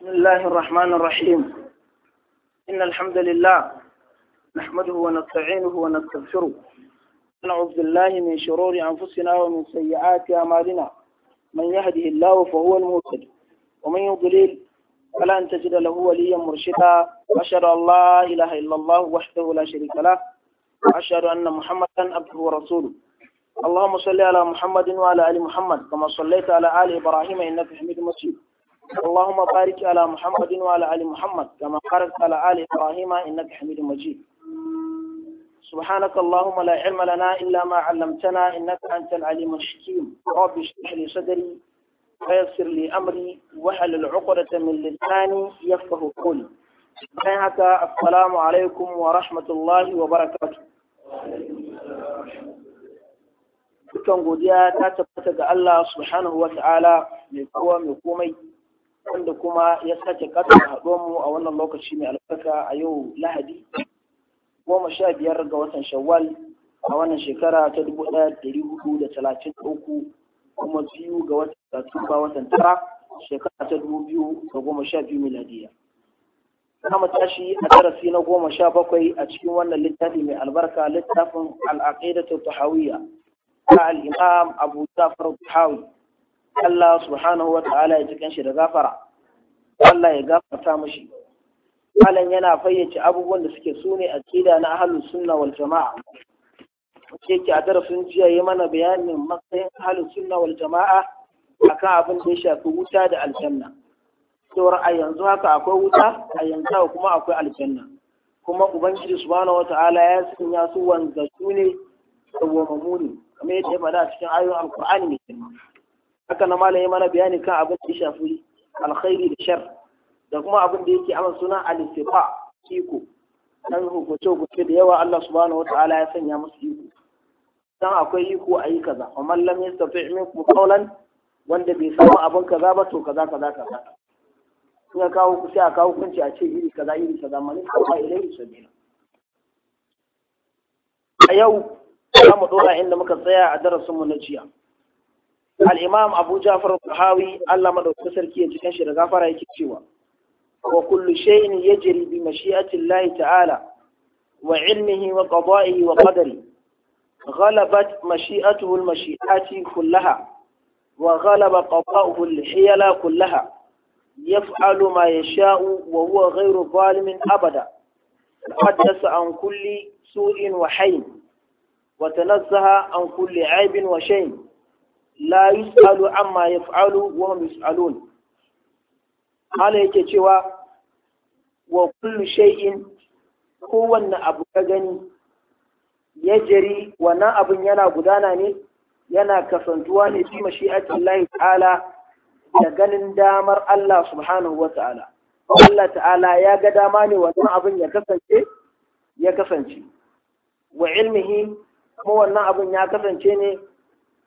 بسم الله الرحمن الرحيم إن الحمد لله نحمده ونستعينه ونستغفره ونعوذ بالله من شرور أنفسنا ومن سيئات أعمالنا من يهده الله فهو المهتد ومن يضلل أن تجد له وليا مرشدا وأشهد أن لا إله إلا الله وحده لا شريك له وأشهد أن محمدا عبده ورسوله اللهم صل على محمد وعلى آل محمد كما صليت على آل إبراهيم إنك حميد مجيد اللهم بارك على محمد وعلى آل محمد كما باركت على آل إبراهيم إنك حميد مجيد سبحانك اللهم لا علم لنا إلا ما علمتنا إنك أنت العليم الحكيم رب اشرح لي صدري ويسر لي أمري واحلل عقدة من لساني يفقه قولي السلام عليكم ورحمة الله وبركاته dukkan godiya ta tabbata ga Allah subhanahu wa ta'ala mai kowa mai komai wanda kuma ya sake ƙasa mu a wannan lokaci mai albarka a yau lahadi goma sha biyar ga watan shawwal a wannan shekara ta dubu ɗaya ɗari hudu da talatin da uku kuma biyu ga watan satumba watan tara shekara ta dubu biyu da goma sha biyu miladiya kama tashi a darasi na goma sha bakwai a cikin wannan littafi mai albarka littafin al'aqidatu tahawiyya ta al'imam imam abu jafar tahawi Allah subhanahu wa ta'ala ya cikin shi da gafara Allah ya gafarta mashi malam yana fayyace abubuwan da suke sune kida na ahalun sunna wal jama'a wace yake a darasin jiya yi mana bayanin matsayin ahalun sunna wal jama'a kan abin da ya shafi wuta da aljanna cewar a yanzu haka akwai wuta a yanzu kuma akwai aljanna kuma ubangiji subhanahu wa ta'ala ya sanya su wanzatu ne da wamamu ne kamar yadda ya faɗa cikin ayoyin alkur'ani mai girma haka na malaye mana bayani kan abin da ya shafi alkhairi da shar da kuma abin da yake aman suna alistifa iko dan hukunce hukunce da yawa Allah subhanahu wataala ya sanya musu iko dan akwai iko ayi kaza wa man lam yastati minkum qawlan wanda bai samu abin kaza ba to kaza kaza kaza sun kawo ku sai a kawo kunci a ce iri kaza iri kaza mani kawo ilai sabila a yau za mu dora inda muka tsaya a darasinmu na jiya al’imam abu jafar hawi Allah maɗauki sarki ya cikin shi da gafara yake cewa wa kullu shayin yajri bi mashi'atin lahi ta'ala wa ilmihi wa qada'ihi wa qadari ghalabat mashi'atuhu al-mashi'ati kullaha wa ghalaba qada'uhu al-hiyala kullaha yaf'alu ma sha'u wa huwa ghayru zalimin abada haddasa an kulli su'in wa hayn wa tanazzaha an kulli aibin wa shayn la yus'alu amma Alu wa hum yus'alun Allah yake cewa wa kullu shay'in kowanne abu ka gani ya jari wannan abun yana gudana ne yana kasantuwa ne fi mashi'atin Layi ta'ala da ganin damar Allah subhanahu wa ta'ala Allah ta'ala ya ga dama ne wannan abun ya kasance ya kasance wa ilmihi kuma wannan abun ya kasance ne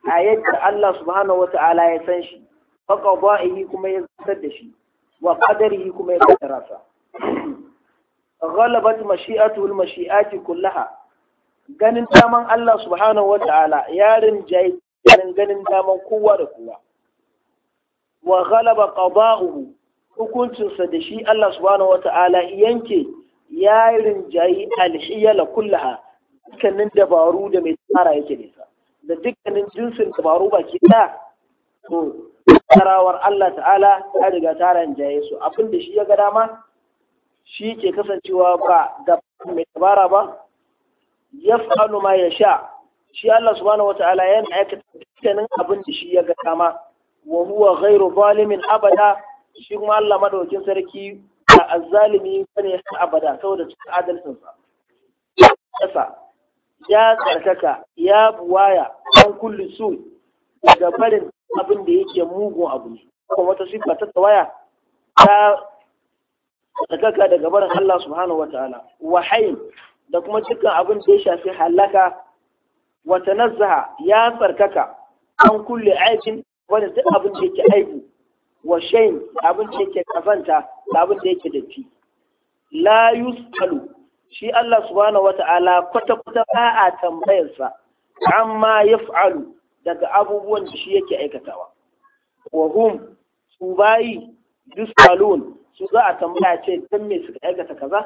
a yadda Allah subhanahu wa ta'ala ya san shi fa qada'ihi kuma ya zartar da shi wa qadarihi kuma ya kaddara sa ghalabat mashi'atu wal mashi'ati kullaha ganin daman Allah subhanahu wa ta'ala ya rinjaye ganin daman kowa da kowa wa ghalaba qada'uhu hukuncinsa da shi Allah subhanahu wa ta'ala yanke ya rinjayi alhiyala kullaha dukkanin dabaru da mai tsara yake nisa da dukkanin jinsin dabaru baki ɗaya to tarawar Allah ta'ala ya riga ta ranjaye su abin da shi ya ga dama shi ke kasancewa ba da mai tabara ba ya fa'alu ma ya sha shi Allah subhanahu wa ta'ala yana aikata dukkanin abin da shi ya ga dama wa huwa ghairu zalimin abada shi kuma Allah madaukin sarki ba azzalimi bane abada saboda cikin adalcinsa ya tsarkaka ya buwaya an kulli su daga barin abin da yake mugun abu ne kuma wata sifa ta tsawaya ta tsarkaka daga barin Allah subhanahu wa ta'ala wa da kuma dukkan abin da ya shafi halaka wa tanazzaha ya tsarkaka an kulle aikin wani duk abin da yake aibu wa shayin abin da yake kafanta da abin da yake datti la yusalu shi Allah subhanahu wata'ala kwata-kwata ba a tambayarsa amma ya fa'alu daga abubuwan da shi yake aikatawa wa hum su bayi salon su za a tambaya ce don me suka aikata kaza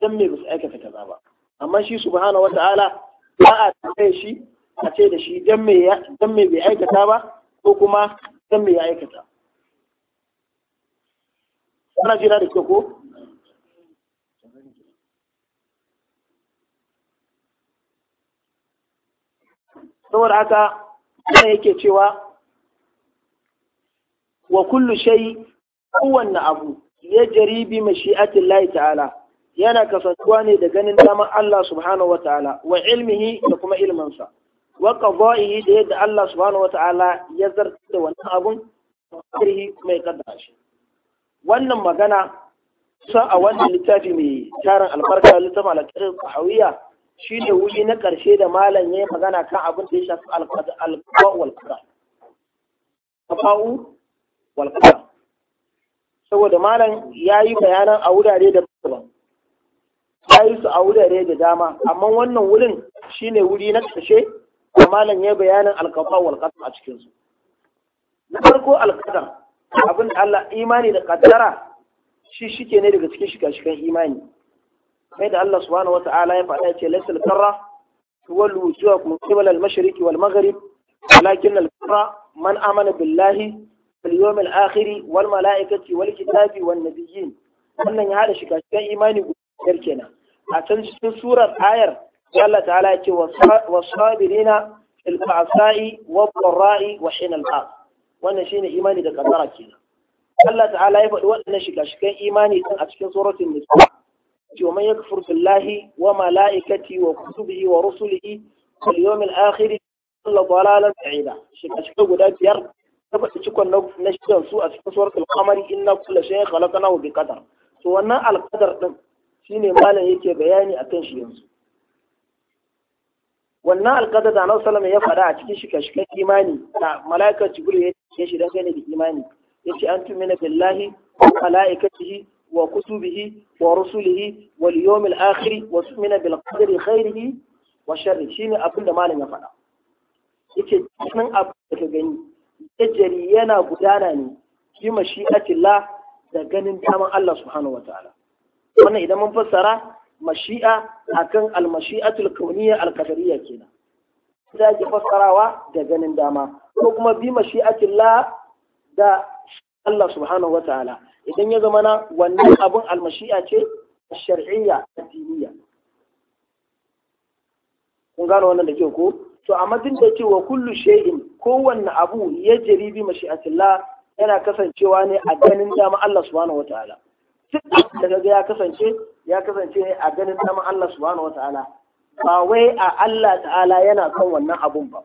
don me su aikata kaza ba amma shi subhanahu wata'ala ba a tambaye shi a ce da shi don me bai aikata ba ko kuma don me ya aikata ana jira da ke ko saboda haka kuma yake cewa wa kullu shay kowanne abu ya jaribi mashi'atin Allah ta'ala yana kasantuwa ne da ganin daman Allah subhanahu wa ta'ala wa ilmihi da kuma ilmansa wa qada'ihi da yadda Allah subhanahu wa ta'ala ya zarta da wannan abun kirhi mai kaddara shi wannan magana kusan a wannan littafi mai tarin albarka littafin alƙirin sahawiya shi ne wuri na ƙarshe da malam ya yi magana kan abin da ya shafi alkawa walkara kafa'u walkara saboda malam ya yi bayanan a wurare da daban ya yi su a wurare da dama amma wannan wurin shi ne wuri na ƙarshe da malam ya yi bayanan alkawa walkara a cikinsu na farko alkadar abin da Allah imani da kaddara shi shike ne daga cikin shiga-shigan imani kamar da Allah subhanahu wata'ala ya faɗa ce laysal karra wal wujuhakum qibal al mashriq wal maghrib walakin al karra man amana billahi wal yawmil akhir wal malaikati wal kitabi wan nabiyyin wannan ya hada shiga cikin imani guda kenan a can cikin surar ayar Allah ta'ala ya ce wasabirina fil ba'sa'i wad dharra'i wa hina al ba'th wannan shine imani da kadara kenan Allah ta'ala ya faɗi waɗannan shiga-shigan imani din a cikin suratul nisa ce man yakfur billahi wa malaikati wa kutubihi wa rusulihi wal yawmil akhir Allah dalalan guda biyar tabbata cikon na shidan su a cikin suwar alkamari inna kula shayin halakana wa bi kadar to wannan alkadar din shine malam yake bayani akan shi yanzu wannan alkadar da annabi sallallahu ya faɗa a cikin shika-shikan imani da mala'ikar jibril ya ce shi dan gane da imani ce an tumina billahi wa malaikatihi وكتبه ورسله واليوم الآخر وتؤمن بالقدر خيره وشره شيني أبن ما لم يفعل yake cikin abu da ka gani jajjari yana gudana ne yi mashi'atillah da ganin daman Allah subhanahu wataala wannan idan mun fassara mashi'a akan almashi'atul kauniyya alqadariyya kenan za ki fassarawa da ganin dama ko kuma bi mashi'atillah da Allah subhanahu idan ya zama na wannan abin almashi'a ce shar'iyya tiliya. kun gano wannan da kyau ko to amma din da ke wa kullu shay'in kowanne abu ya jari bi mashi'atillah yana kasancewa ne a ganin dama Allah subhanahu wataala duk da kaga ya kasance ya kasance ne a ganin dama Allah subhanahu wataala ba wai a Allah ta'ala yana son wannan abun ba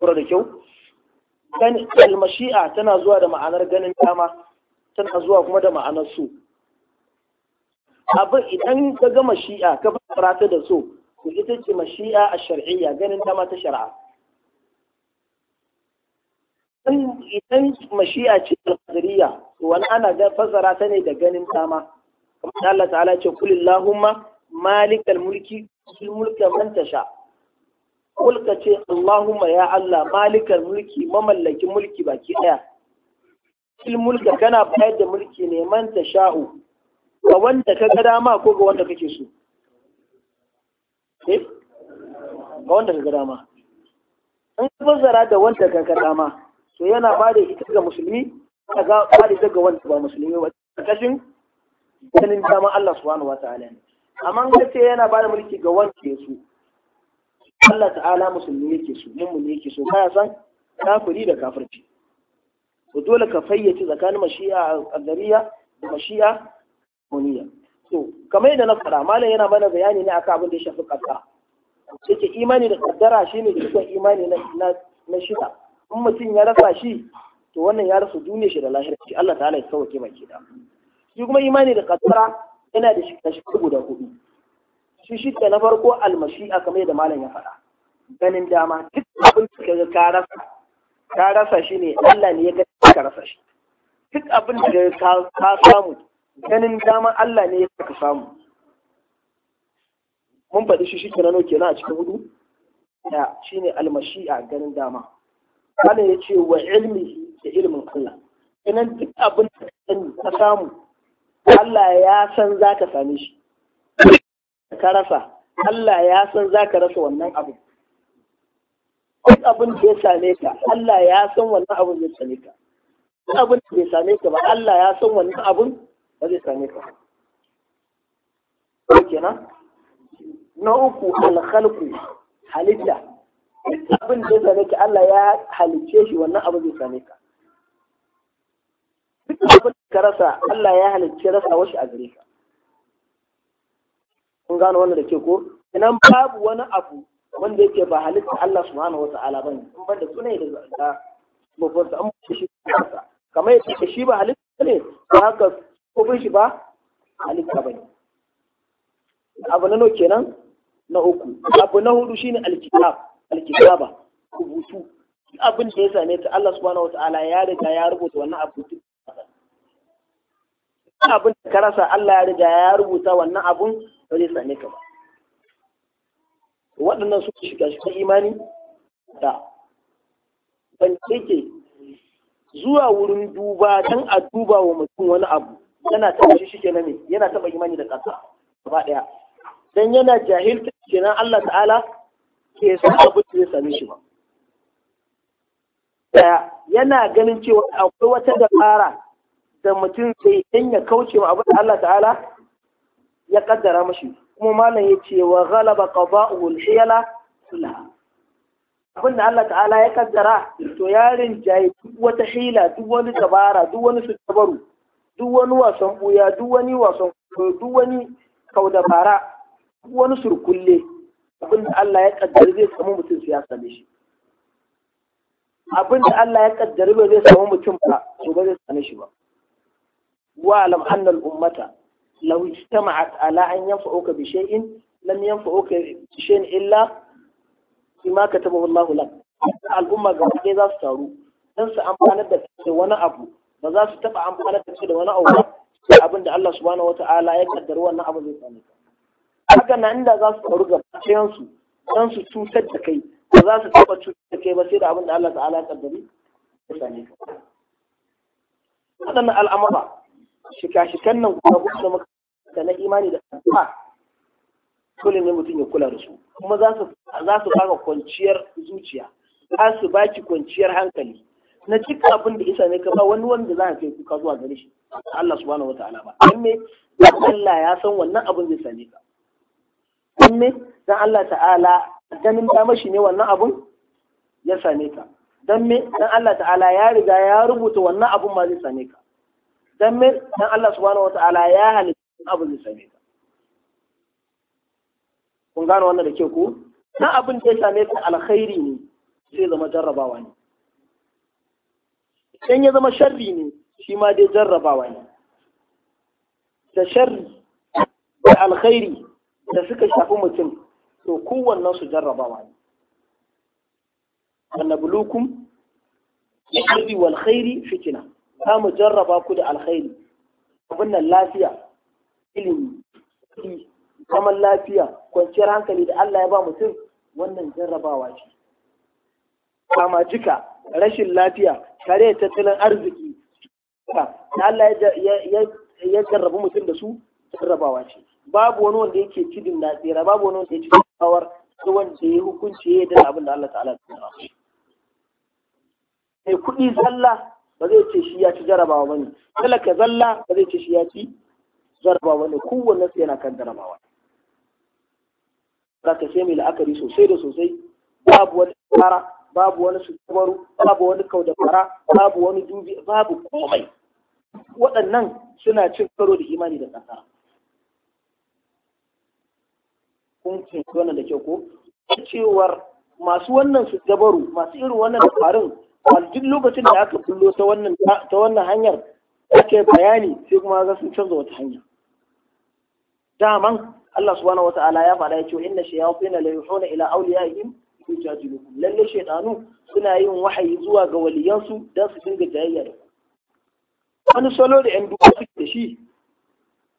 kura da kyau gani almashi'a tana zuwa da ma'anar ganin dama tana zuwa kuma da ma'anar so abin idan ka ga mashi'a ka fara ta da so to ita ce mashi'a a shar'iyya ganin dama ta shari'a idan mashi'a ce al-qadariyya wani ana fassara ta ne da ganin dama kamar Allah ta'ala ce kulillahumma malikal mulki tul mulka man tasha' kulka ce Allahumma ya Allah malikar mulki mamallakin mulki baki ɗaya. Il mulka kana bayar da mulki ne man ta sha'u ga wanda ka ga dama ko ga wanda kake so. Eh? Ga wanda ka ga dama. In ka da wanda ka ga dama to yana ba da ita ga musulmi ka ga ba da ita ga wanda ba musulmi ba. Kashin ganin dama Allah subhanahu wa ta'ala ne. Amma ka ce yana ba da mulki ga wanda ya so. Allah ta'ala musulmi yake so mummuni yake so baya san kafiri da kafirci to dole ka fayyace tsakanin mashi'a azariya da mashi'a muniya to kamar yadda na fara malam yana mana bayani ne akan abin da ya shafi kaddara yake imani da kaddara shine dukkan imani na na shida in mutum ya rasa shi to wannan ya rasa duniya shi da lahirci Allah ta'ala ya sauke baki da shi kuma imani da kaddara yana da shi guda hudu shi shi da na farko almashi'a kamar yadda malam ya faɗa ganin dama duk abin da ka rasa ka rasa shi ne Allah ne ya ga ka rasa shi duk abin da ka samu ganin dama Allah ne ya ka samu mun faɗi shi shi kenan na a cikin hudu da shine almashi'a ganin dama Malam ya ce wa ilmi da ilmin Allah kenan duk abin da ka ka samu Allah ya san za ka same shi ka rasa Allah ya san za ka rasa wannan abu duk abin da ya same ka Allah ya san wannan abin zai same ka duk abin da ya same ka ba Allah ya san wannan abin ba zai same ka ko kenan na uku alhalku halitta duk abin da ya same ka Allah ya halicce shi wannan abin zai same ka duk abin da ka rasa Allah ya halicce rasa washi a gare ka kun gano wannan da ke ko idan babu wani abu wanda yake ba halitta Allah subhanahu wata'ala bane in da sunai da zaka mafarsa an ba shi kansa kamar yadda shi ba halitta ne ba haka ko bin shi ba halitta bane abu na nawa kenan na uku abu na hudu shine alkitab alkitaba rubutu abin da ya same ta Allah subhanahu wata'ala ya riga ya rubuta wannan abu abin da ka rasa Allah ya riga ya rubuta wannan abun ba zai same ka ba waɗannan su shiga shiga imani da ban ke zuwa wurin duba don a duba wa mutum wani abu yana taɓa shi shike na me yana taɓa imani da ƙasa gaba ɗaya dan yana jahilta kenan Allah ta'ala ke san abu da zai same shi ba daya yana ganin cewa akwai wata dabara da mutum zai danya kaucewa kauce abu da Allah ta'ala ya kaddara mashi kuma malam ya ce wa galaba qada'uhu al-hiyala abin da Allah ta'ala ya kaddara to yarin jayi, duk wata hila duk wani dabara duk wani su sutabaru duk wani wasan buya duk wani wasan duk wani dabara, duk wani surkulle abin da Allah ya kaddara zai samu mutum su ya same shi abin da Allah ya kaddara ba zai samu mutum ba to ba zai same shi ba wa alam annal ummata لو اجتمعت على أن ينفعوك بشيء لم ينفعوك بشيء إلا بما كتبه الله لك al'umma ga ɗaya za su taru don su amfanar da da wani abu ba za su taɓa da wani abu abin da Allah subhanahu ya kaddara wannan abu zai sami haka na inda za su taru ga su don su cutar da kai ba za su taɓa cutar da kai ba sai da abin da Allah ta'ala ya kaddari ya sami ka waɗannan al'amura shika-shikan nan kuma da muka da na imani da addu'a dole ne mutum ya kula da su kuma za su za baka kwanciyar zuciya za su baki kwanciyar hankali na cika abin da isa ne ka ba wani wanda za a kai kuka zuwa gare shi Allah subhanahu wataala ba dan me Allah ya san wannan abin zai same ka dan me dan Allah ta'ala ganin ta shi ne wannan abun ya same ka dan me dan Allah ta'ala ya riga ya rubuta wannan abun ma zai same ka dan me dan Allah subhanahu wataala ya halitta abu zai same ka kun gano wannan da ke ku na abin da ya same ka alkhairi ne sai zama jarrabawa ne idan ya zama sharri ne shi ma dai jarrabawa ne da sharri da alkhairi da suka shafi mutum to kowannen su jarrabawa ne annabulukum sharri wal khairi fitina za mu jarraba ku da alkhairi abin nan lafiya ilimi kuɗi zaman lafiya kwanciyar hankali da Allah ya ba mutum wannan jarrabawa ce kama jika rashin lafiya kare tattalin arziki da Allah ya jarrabu mutum da su jarrabawa ce babu wani wanda yake cidin na tsira babu wani wanda yake kawar da wanda ya hukunci ya da abin da Allah ta'ala ya tsira sai kuɗi sallah ba zai ce shi ya ci jarabawa ba ne talaka zalla ba zai ce shi ya ci jarabawa ba ne kowanne su yana kan jarabawa za ka sai mai la'akari sosai da sosai babu wani tsara babu wani shugabaru, babu wani fara babu wani dubi babu komai waɗannan suna cin karo da imani da ƙasa kun fahimci wannan da kyau ko cewar masu wannan su masu irin wannan farin a duk lokacin da aka kullo ta wannan hanyar ake bayani sai kuma za su canza wata hanya daman Allah subhanahu ta'ala) ya faɗa yace inna shayatin la yuhuna ila ya yi awliyaihim yujadilukum lalle shaytanu suna yin wahayi zuwa ga waliyansu dan su dinga jayayya da wani salo da yan duka suke da shi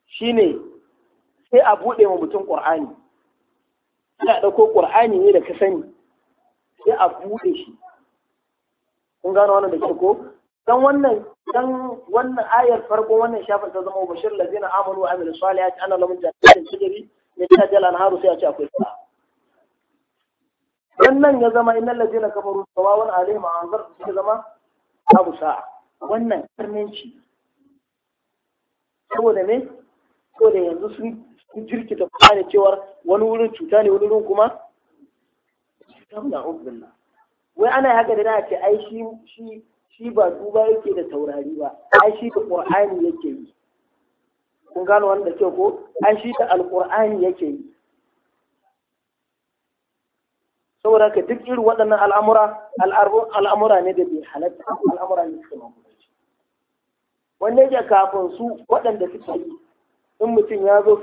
shine sai a buɗe ma mutum ƙur'ani sai a ɗauko ƙur'ani ne da ka sani sai a buɗe shi kun gano wannan da ke ko dan wannan dan wannan ayar farko wannan shafin ta zama bashir lazina amalu wa salihat ana lamun jannatin tajri min tahtiha al-anharu sai a ce akwai sa'a wannan ya zama innal ladina kafaru sawawun alaihim anzar sai zama abu sa'a wannan karminci saboda me saboda yanzu sun sun jirkita kuma da cewar wani wurin cuta ne wani wurin kuma cuta na ubbillah wai ana haka da na ce ai shi shi shi ba duba yake da taurari ba ai shi da qur'ani yake yi kun gano wanda ke ko ai shi da alqur'ani yake yi saboda haka duk irin waɗannan al'amura al'amura ne da bai halatta al'amura ne suka wanda yake kafin su waɗanda suke yi in mutum ya zo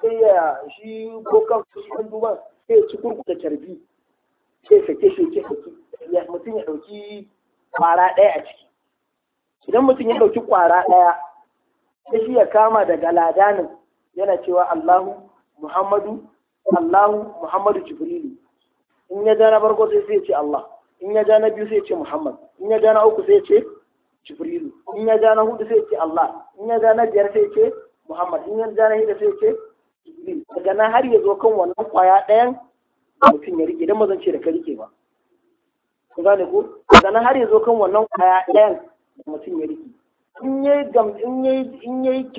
sai ya shi ko kan su duban sai ya ci kurkuta carbi sai sake shi ke sake mutum ya ɗauki kwara ɗaya a ciki idan mutum ya ɗauki kwara ɗaya sai shi ya kama daga ladanin yana cewa Allahu Muhammadu Allahu Muhammadu Jibrilu in ya ja na farko sai sai ce Allah in ya ja na biyu sai ce Muhammad in ya ja na uku sai ce Jibrilu in ya ja na hudu sai ce Allah in ya ja na biyar sai ce Muhammad in ya ja na hida sai ce Jibril daga nan har ya zo kan wannan kwaya ɗayan mutum ya rike idan mazan ce da ka rike ba ku gane ko? sannan har yanzu kan wannan kwaya ɗayan da mutum ya riki in yi gam in yi in yayi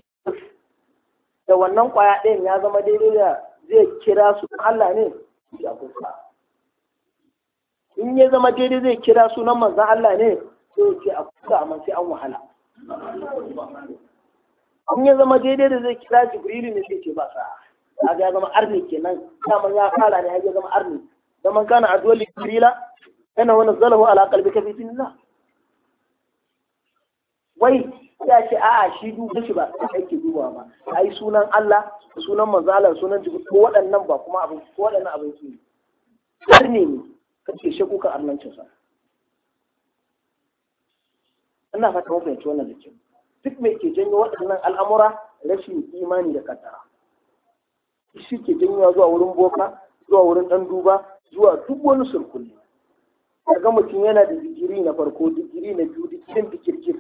da wannan kwaya ɗayan ya zama daidai da zai kira su Allah ne ya kusa in ya zama daidai zai kira sunan manzon Allah ne sai ce a kusa amma sai an wahala in ya zama daidai da zai kira Jibrilu ne sai ce ba sa kaga ya zama arni kenan daman ya fara ne ya zama arni zaman kana addu'a Jibrila inna wa nazzalahu ala qalbika bi idnillah wai ya ce a'a shi duba shi ba ake duba ba ai sunan Allah sunan manzala sunan jibril ko waɗannan ba kuma abin ko waɗannan abin su ne ne ne kake shaku ka arnancin sa ina fata mun ci wannan da kyau duk mai ke janyo waɗannan al'amura rashin imani da kaddara shi ke janyo zuwa wurin boka zuwa wurin dan duba zuwa duk wani surkulli ga mutum yana da digiri na farko digiri na biyu digirin bikirkir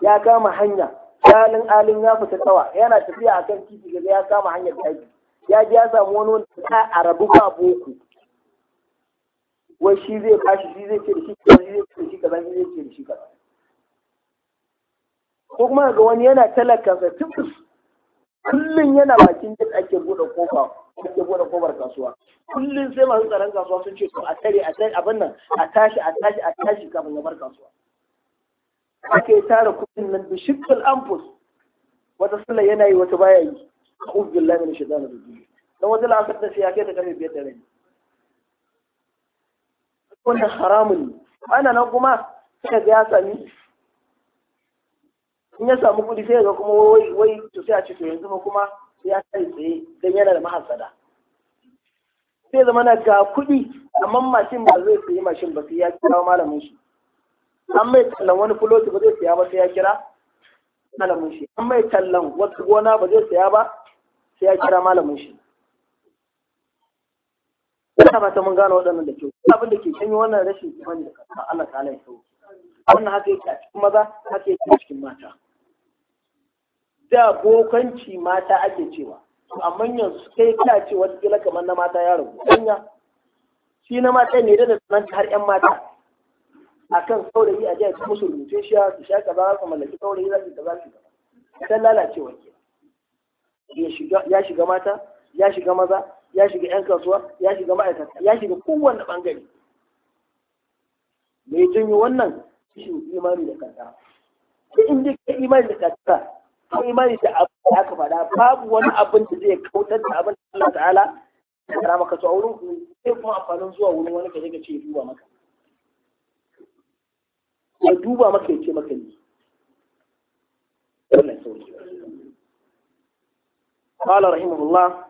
ya kama hanya halin alin ya fita tsawa yana tafiya akan titi daga ya kama hanyar daji ya ji ya samu wani wanda ta rabu ba boko wai shi zai bashi shi zai ce da shi kaza shi zai ce da shi kaza shi zai ce da shi kaza ko kuma ga wani yana talakansa tubus kullum yana bakin gate ake bude kofa ake bude kofar kasuwa kullum sai masu tsaron kasuwa sun ce to a tare a tare abin nan a tashi a tashi a tashi kafin ya bar kasuwa ake tara kudin nan da shikkal amfus wata sallah yana yi wata baya yi a'udhu billahi minash shaitanir rajim dan wata la'asar da sai ya kai ta karfe biyar da rabi wannan haramun ne ana nan kuma sai ga ya sami in ya samu kuɗi sai ga kuma wai wai to sai a ce to yanzu ba kuma ya sai tsaye dan yana da mahasada sai zama na ga kuɗi amma mashin ba zai sayi mashin ba sai ya kira malamin shi an mai tallan wani fuloti ba zai saya ba sai ya kira malamin shi an mai tallan wata gona ba zai saya ba sai ya kira malamin shi ina ta mun gane waɗannan da kyau abin da ke canyo wannan rashin imani da Allah ta halaye sau wannan haka yake a cikin maza haka yake a cikin mata da bokanci mata ake cewa amma yanzu kai ka ce wata kila kamar na mata ya rabu danya shi na mata ne da nan har yan mata akan saurayi a jiya musu rubuce shi ya su sha kaza su mallaki saurayi za su kaza su kaza dan lalacewa ke ya shiga ya shiga mata ya shiga maza ya shiga yan kasuwa ya shiga ma'aikata ya shiga kowanne bangare me janyo wannan shi imani da kanta sai in dai imani da kanta akwai mai da abu da aka faɗa babu wani abin da zai kautar da abin Allah ta'ala ya kara maka to a wurin ku sai kuma amfanin zuwa wurin wani kaje ka ce duba maka ya duba maka ya ce maka ne wannan sauki قال رحمه الله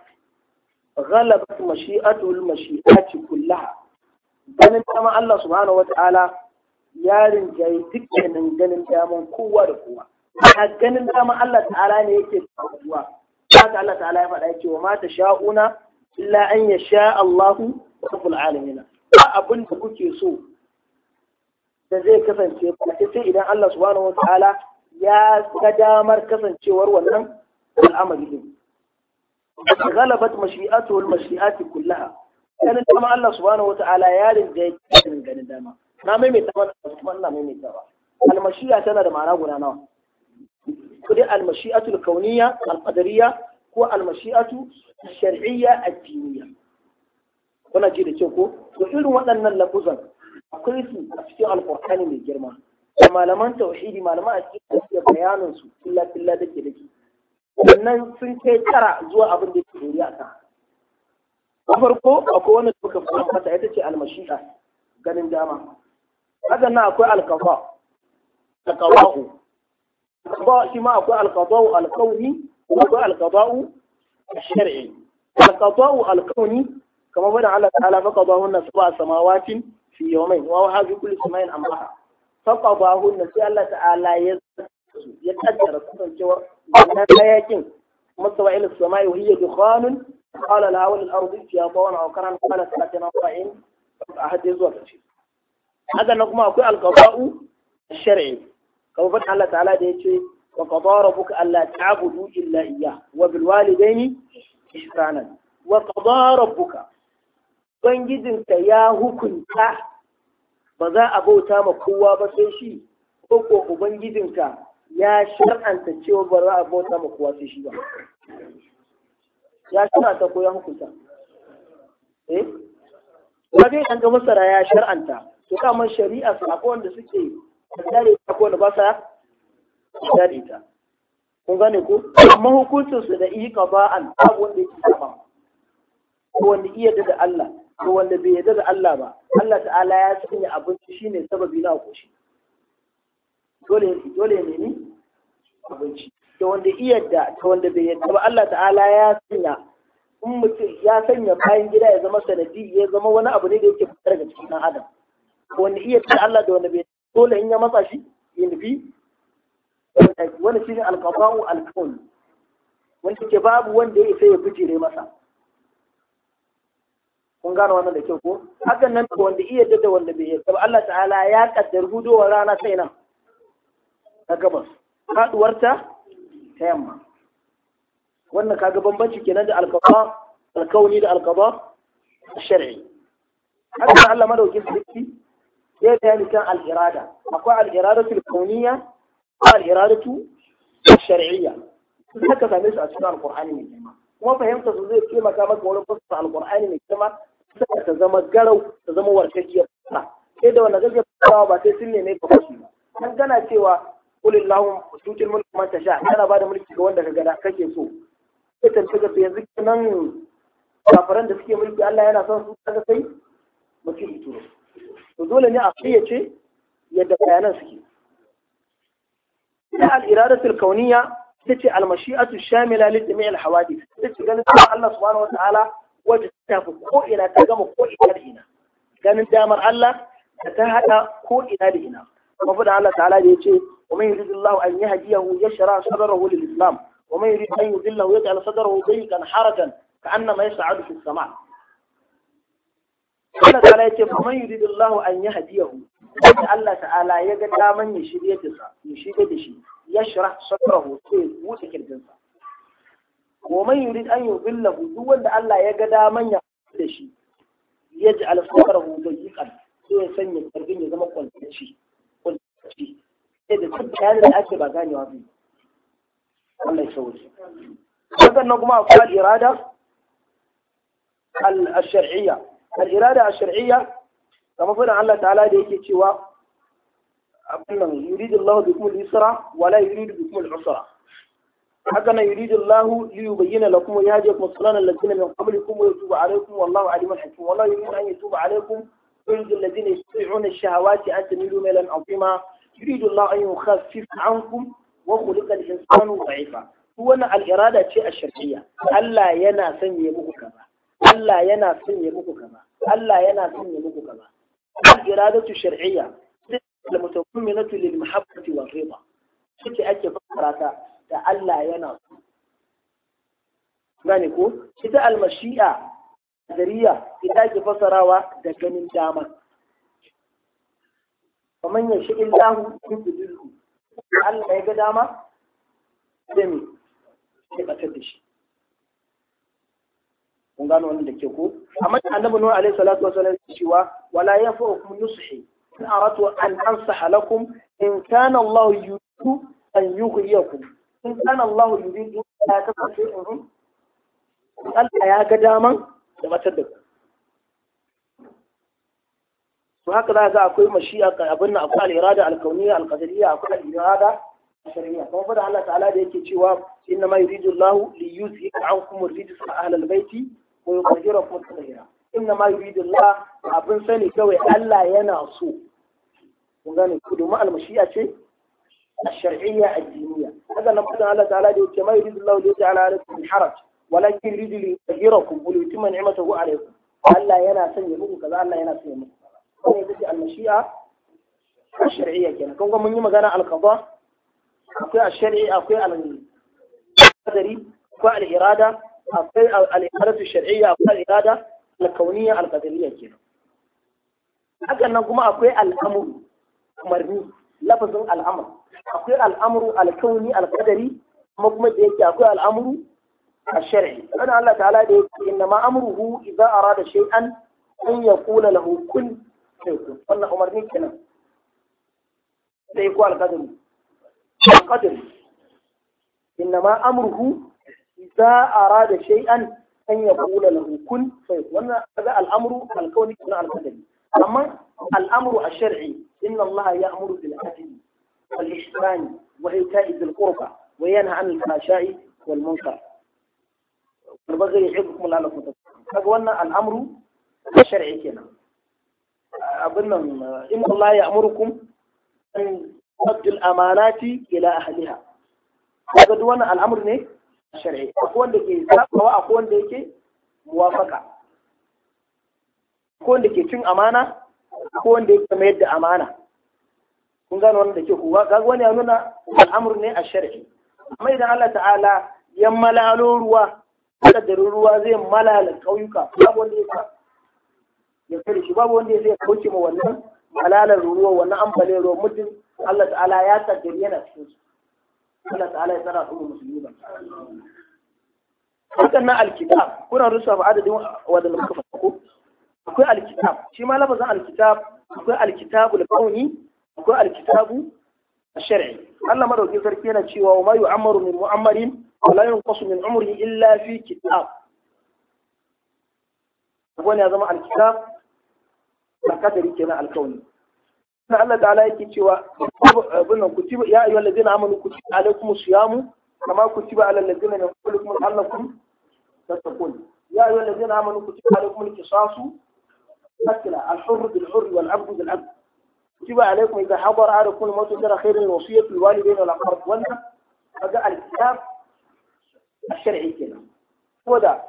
غلبت مشيئته المشيئات كلها ganin dama Allah subhanahu wa ta'ala ya rinjaye dukkanin ganin daman kowa da a ganin dama Allah ta'ala ne yake faruwa haka Allah ta'ala ya faɗa yake wa mata sha'una illa an ya sha Allahu rabbul alamin abin da kuke so da zai kasance ba sai idan Allah subhanahu wataala ya ga damar kasancewar wannan al'amari غلبت مشيئته والمشيئات كلها ganin dama Allah subhanahu wa ta'ala ya rinjaye ganin ganin dama na maimaita ba kuma ina maimaita ba almashiya tana da ma'ana guda nawa ko dai almashi'atu kauniya alqadariya ko almashi'atu shar'iyya addiniya Kuna ji da kyau ko to irin waɗannan lafuzan akwai su a cikin alqur'ani mai girma da malaman tauhidi malaman aqida suke bayanin su illa illa dake dake Wannan sun kai tara zuwa abin da yake doriya ta a farko akwai wanda suka fara mata ita ce almashi'a ganin dama haka nan akwai alkafa takawa'u shi ma akwai alkazawu alkauni akwai alkazawu a shari'i alkazawu alkauni kama wani alaƙa alaƙa ba hunna su ba samawatin fi yomai wa wa hazi kulli samayin amma taqa ba hunna sai Allah ta'ala ya ya tattara kasancewar wannan hayakin masawa ila samai wa hiya dukhanun qala la hawla wala quwwata illa billah qala qala sakina qa'in a hadin zuwa ta ce hadan kuma akwai alqaba'u shar'i kamar faɗin Allah ta'ala da ya ce wa buka Allah ta ta'budu illa iya wa bilwali dai ni ihsanan wa qadara rabbuka ubangijinka ya hukunta ba za a bauta ma kowa ba sai shi ko ko ubangijinka ya shar'anta cewa ba za a bauta ma kowa sai shi ba ya shar'anta ko ya hukunta eh wani an ga masara ya shar'anta to kamar shari'a sakon da suke dare ta ko da ba sa dare ta kun gane ku? amma hukuncin su da yi qada'an abu wanda yake sama ko wanda iya da Allah ko wanda bai yarda da Allah ba Allah ta'ala ya sanya abinci shine sababi na koshi dole dole ne ni abinci da wanda iya da ta wanda bai yarda ba Allah ta'ala ya sanya in mutum ya sanya bayan gida ya zama sanadi ya zama wani abu ne da yake fitar daga cikin adam wanda iya ta Allah da wanda bai dole in ya matsa shi ya nufi wani shi ne alkafa'u alkawun wanda ke babu wanda ya isa ya bijire masa kun gano wannan da kyau ko hakan nan wanda iya da wanda bai yarda ba Allah ta'ala ya kaddar hudowar rana sai nan ta gabas faduwarta ta yamma wannan kaga bambanci kenan da alkafa alkauni da alkaba shar'i haka Allah madaukin sarki ya bayani kan al'irada akwai al'iradatu kauniya ko al'iradatu shari'iyya sun haka same su a cikin alqur'ani mai kuma fahimta su zai taimaka maka wurin fassara alqur'ani mai girma sai ta zama garau ta zama warkakkiyar fassara sai da wanda kake fassarawa ba sai sun neme ka bashi ba dan kana cewa kulillahu tutil mulki man sha kana da mulki ga wanda kaga kake so sai tantance ka yanzu nan kafaran da suke mulki Allah yana son su kaga sai mutum ya to dole ne a fayyace yadda bayanan suke sai al-iradatul kauniyya ita ce al-mashi'atu shamila li jami' al-hawadith ita ce ganin Allah subhanahu wataala wacce ta fi ko ina ta gama ko ina da ganin damar Allah da ta hada ko ina da ina kuma fadan Allah ta'ala da yace wa man yuridillahu an yahdiyahu yashra sadrahu lil-islam wa man yurid an yudillahu yaj'al sadrahu dayyqan harajan ka'annama yas'adu fi as-sama' Allah ta'ala yace fa man yuridillahu an yahdiyahu wanda Allah ta'ala ya ga daman ya shirye da sa ya shirye da shi ya shirah sadrahu sai wuce kirjin sa wa man yurid an yudillahu duk wanda Allah ya ga daman ya da shi ya ji alfakarhu da yiqan sai ya sanya kirjin ya zama kwantacci kwantacci sai da duk da ake ba ganewa bai Allah ya sauke hakan nan kuma akwai irada al-shar'iyya alirada a ash-shar'iyya kamar fadan Allah ta'ala da yake cewa abin nan yuridu Allah bikum al-yusra wa la yuridu bikum al-usra haka nan yuridu Allah li yubayyana lakum wa yahdiyakum as-sirata alladhina min qablikum wa yatubu alaykum wallahu alimun hakim wa yuridu an yatuba alaykum ويريد الذين يستطيعون الشهوات أن تميلوا ميلا wa يريد الله أن يخفف عنكم وخلق الإنسان ضعيفا هو الإرادة الشرعية ألا ينا سن يبوك كذا Allah yana son ya muku kaza Allah yana son ya muku kaza al-iradatu shar'iyya da mutakamminatu lil mahabbati wal rida take ake fara ta da Allah yana so gane ko ita al-mashi'a dariya ita ke fasarawa da ganin dama kamar ya shi illahu yudillu Allah ya ga dama sai me sai batar da shi kun gano wannan da ke ko amma da annabi nuhu alaihi salatu wasallam cewa wala yafukum nusuhi in aratu an ansaha lakum in kana Allah yuridu an yughyikum in kana Allah yuridu la tasfiru Allah ya ga daman da matar da ku to haka za ga akwai mashi'a abin nan akwai al-irada al-kauniyya al-qadariyya akwai al-irada الشرعية كما بدأ الله تعالى ذلك شوى إنما يريد الله ليزهق عنكم الرجس أهل البيت wa yuqdirukum tadhira inna ma yuridullah abin sani kawai Allah yana so kun gane ku domin almashiya ce الشرعية الدينية هذا نقول الله تعالى يقول ما يريد الله ليجعل عليكم من حرج ولكن يريد ليطهركم وليتم نعمته عليكم ألا ينا سن يقول كذا ألا ينا سن يقول كذا يقول المشيئة الشرعية كنا كم كم من يوم كان القضاء أقوى الشرعي أقوى القدري أقوى الإرادة akwai al'ibaratu shar'iyya akwai al'irada alkauniyya alkadiriyya kenan hakan nan kuma akwai al'amuru umarni lafazin al'amur akwai al'amuru alkauni alkadari kuma kuma da yake akwai al'amuru a shari'i wani Allah ta'ala da yake inna ma amruhu idza rada shay'an an kula lahu kun fayakun wannan umarni kenan sai ko alkadari alkadari inna ma amruhu إذا أراد شيئا أن يقول له كن فيكون طيب، هذا الأمر الكوني على القدري أما الأمر الشرعي إن الله يأمر بالعدل والإحسان وإيتاء ذي القربى وينهى عن الفحشاء والمنكر والبغي يعظكم الله لكم هذا الأمر الشرعي كنا أظن إن الله يأمركم أن تؤدوا الأمانات إلى أهلها هذا الأمر نه shar'i akwai wanda ke zaɓawa akwai wanda yake muwafaka akwai wanda ke cin amana akwai wanda yake mayar da amana kun gano wanda da ke kuwa ga wani ya nuna al'amur ne a shar'i amma idan Allah ta'ala ya malalo ruwa kadarin ruwa zai malala kauyuka babu wanda ya ya kare shi babu wanda ya zai kauce ma wannan malalar ruwa wannan ambalin ruwa muddin Allah ta'ala ya kaddari yana cikin su Allah ta'ala ya tsara al'ummar musulmi ba hakan na alkitab kuna rusa ba adadin wadanda muka faɗa ko akwai alkitab shi ma lafazin alkitab akwai alkitabu al-kauni akwai alkitabu الشرعي الله مرة كثير كنا شيء وما يعمر من معمر ولا ينقص من عمره إلا في كتاب أقول يا زمان الكتاب القدري كنا الكوني إن الله تعالى كتبوا بنا كتب يا أيها الذين آمنوا كتب عليكم الصيام كما كتب على الذين من قبلكم لعلكم تتقون يا أيها الذين آمنوا كتب عليكم القصاص مثل الحر بالحر والعبد بالعبد كتب عليكم إذا حضر أحدكم الموت جرى خير الوصية الوالدين والأقارب ولا فجاء الكتاب الشرعي كنا هو ده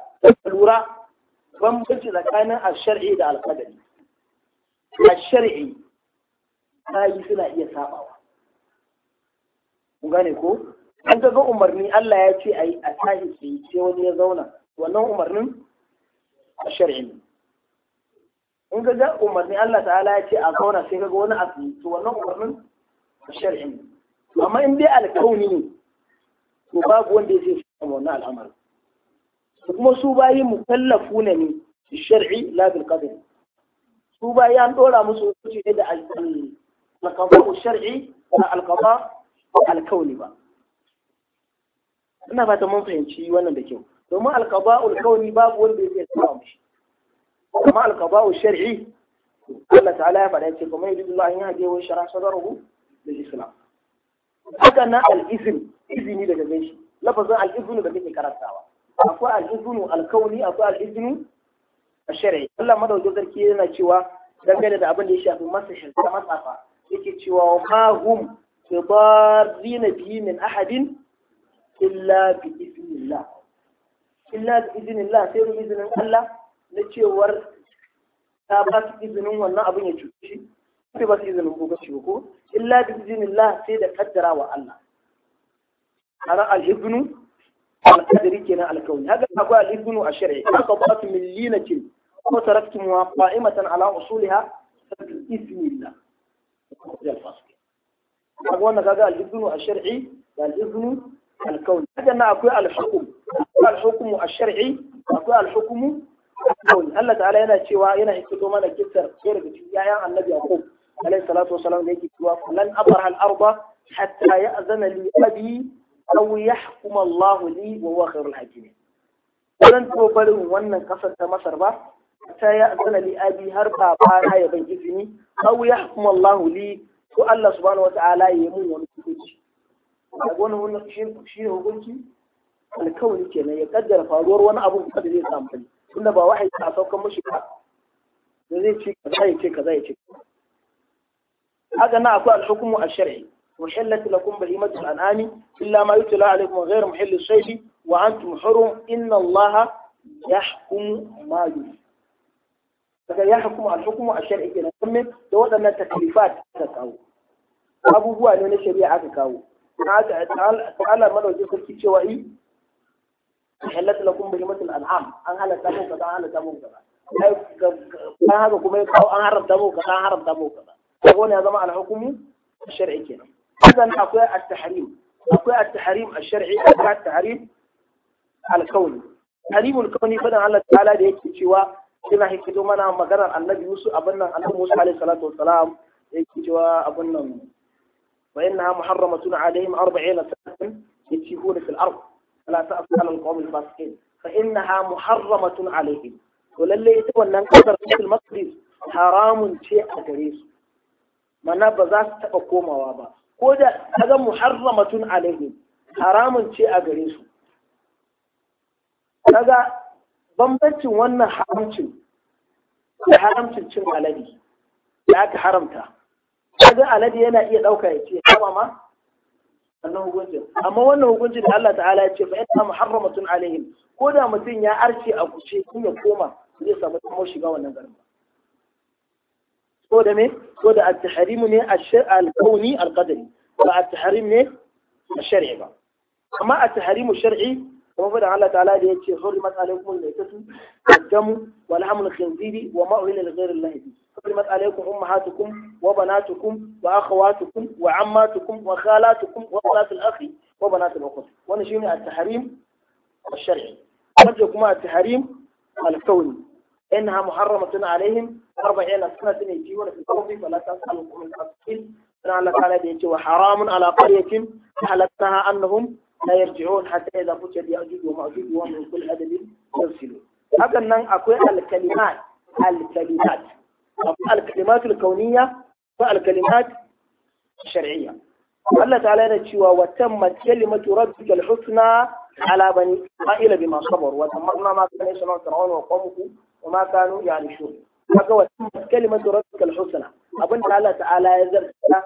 الوراء ومجد كان الشرعي ده على القدر الشرعي bayi suna iya sabawa kun gane ko an ga umarni Allah ya ce ayi a tashi sai sai wani ya zauna wannan umarnin a ne in ga ga umarni Allah ta'ala ya ce a zauna sai ga wani asali to wannan umarnin a shar'in amma in dai alkauni ne to babu wanda zai sai samu wannan al'amari kuma su bayi mukallafu ne ne shar'i la bil qadari su bayi an dora musu hukunci ne da alkauni القضاء الشرعي القضاء الكوني ba. ina fata mun fahimci wannan da kyau domin alqaba'ul kauni babu wanda yake tsara mishi amma alqaba'ul shar'i Allah ta'ala ya faɗa ce kuma yadda Allah ya hadiye wa shara sadarahu da islam haka na al-izn izini daga gare shi lafazin al-izn da kake karantawa akwai al-izn al akwai al-izn al-shar'i Allah madaukakin sarki yana cewa dangane da abin da ya shafi masa shirka fa. yake cewa ma hum zina biyu min ahadin illa bi iznillah illa bi iznillah sai rubi izinin Allah na cewar ta ba su izinin wannan abin ya cuci shi sai ba su izinin ko kashi ko illa bi iznillah sai da kaddara wa Allah ana al-ibnu al-qadri kenan al-kawni haka akwai al-ibnu ash-shar'i haka ba su millinatin ko taraktum wa qa'imatan ala usuliha bi iznillah da alfasu kaga wannan kaga da al-iznu al-kawni haka na akwai al-hukm al-hukm ash-shar'i akwai al-hukm al-kawni Allah ta'ala yana cewa yana hikito mana kissar sai daga cikin yayan annabi Yaqub alayhi salatu wasalam da yake cewa lan abraha al-arda hatta ya'zana li abi aw yahkuma Allah li wa barin wannan kasar ta Masar ba ta ya azana abi har baba ya ban izini aw yahkum Allah li ko Allah subhanahu wata'ala ya mun wani hukunci daga wani wannan shi ne hukunci alkawari kenan ya kaddara faruwar wani abu da zai samu ne tunda ba wahayi ta saukan mashi ba da zai ce kaza ya ce kaza ya ce haka na akwai alhukumu a shari'i وحلت لكم بهيمة الأنعام إلا ما يتلى عليكم غير محل الصيد وأنتم حرم إن الله يحكم ما يريد daga ya hukuma al-hukmu ash-shar'i kenan kuma da waɗannan taklifat aka kawo abubuwa ne na shari'a aka kawo ta'ala madaukin sarki cewa yi halat lakum bihimatul an'am an halatta mu kaza an halatta mu kaza ai haka kuma ya kawo an haramta mu kaza an haramta mu kaza ko ne ya zama al-hukmu ash-shar'i kenan idan akwai at-tahrim akwai at-tahrim ash-shar'i akwai at-tahrim al-kawni tahrim al-kawni fadan Allah ta'ala da yake cewa suna hikido mana maganar annabi Yusuf abin nan annabi Musa alaihi salatu wassalam yake cewa abin nan wa innaha muharramatun alaihim 40 sanatan yatsihuna fil ard fala ta'fu ala alqawm alfasiqin fa innaha muharramatun alaihim to lalle ita wannan kasar Baitul Maqdis haramun ce a gare su mana ba za su taba komawa ba ko da kaga muharramatun alaihim haramun ce a gare su kaga bambancin wannan haramcin da haramcin cin alade da aka haramta kaga alade yana iya ɗauka ya ce kama ma wannan hukuncin amma wannan hukuncin da Allah ta'ala ya ce fa inna muharramatun alaihim ko da mutum ya arce a kuce kun ya koma zai samu damar shiga wannan garin ko da me ko da at-tahrim ne al-kauni al-qadari ba at-tahrim ne al-shar'i ba amma at-tahrim al-shar'i kuma fadan Allah ta'ala da yace hurmat alaikum al-maytatu wad-damu wa lahmul khinziri wa ma uhilla li ghayri Allah bi hurmat alaikum ummahatukum wa banatukum wa akhawatukum wa ammatukum wa khalatukum wa banatul akhi wa banatul ukhti wannan shine at-tahrim al-shar'i wanda kuma at-tahrim al-kawni إنها محرمة عليهم أربعين سنة يجيون في الأرض فلا تسألوا التفصيل وحرام على قرية أنهم لا يرجعون حتى إذا فتح يأجد ومأجد ومن كل أدب يرسلون هذا أن أقول الكلمات الكلمات الكلمات الكونية والكلمات الشرعية الله تعالى نتشوى وتمت كلمة ربك الحسنى على بني إسرائيل بما صبروا وتمرنا ما كان يصنع فرعون وقومه وما كانوا يعيشون هذا وتمت كلمة ربك الحسنى abin da Allah ta'ala ya zarta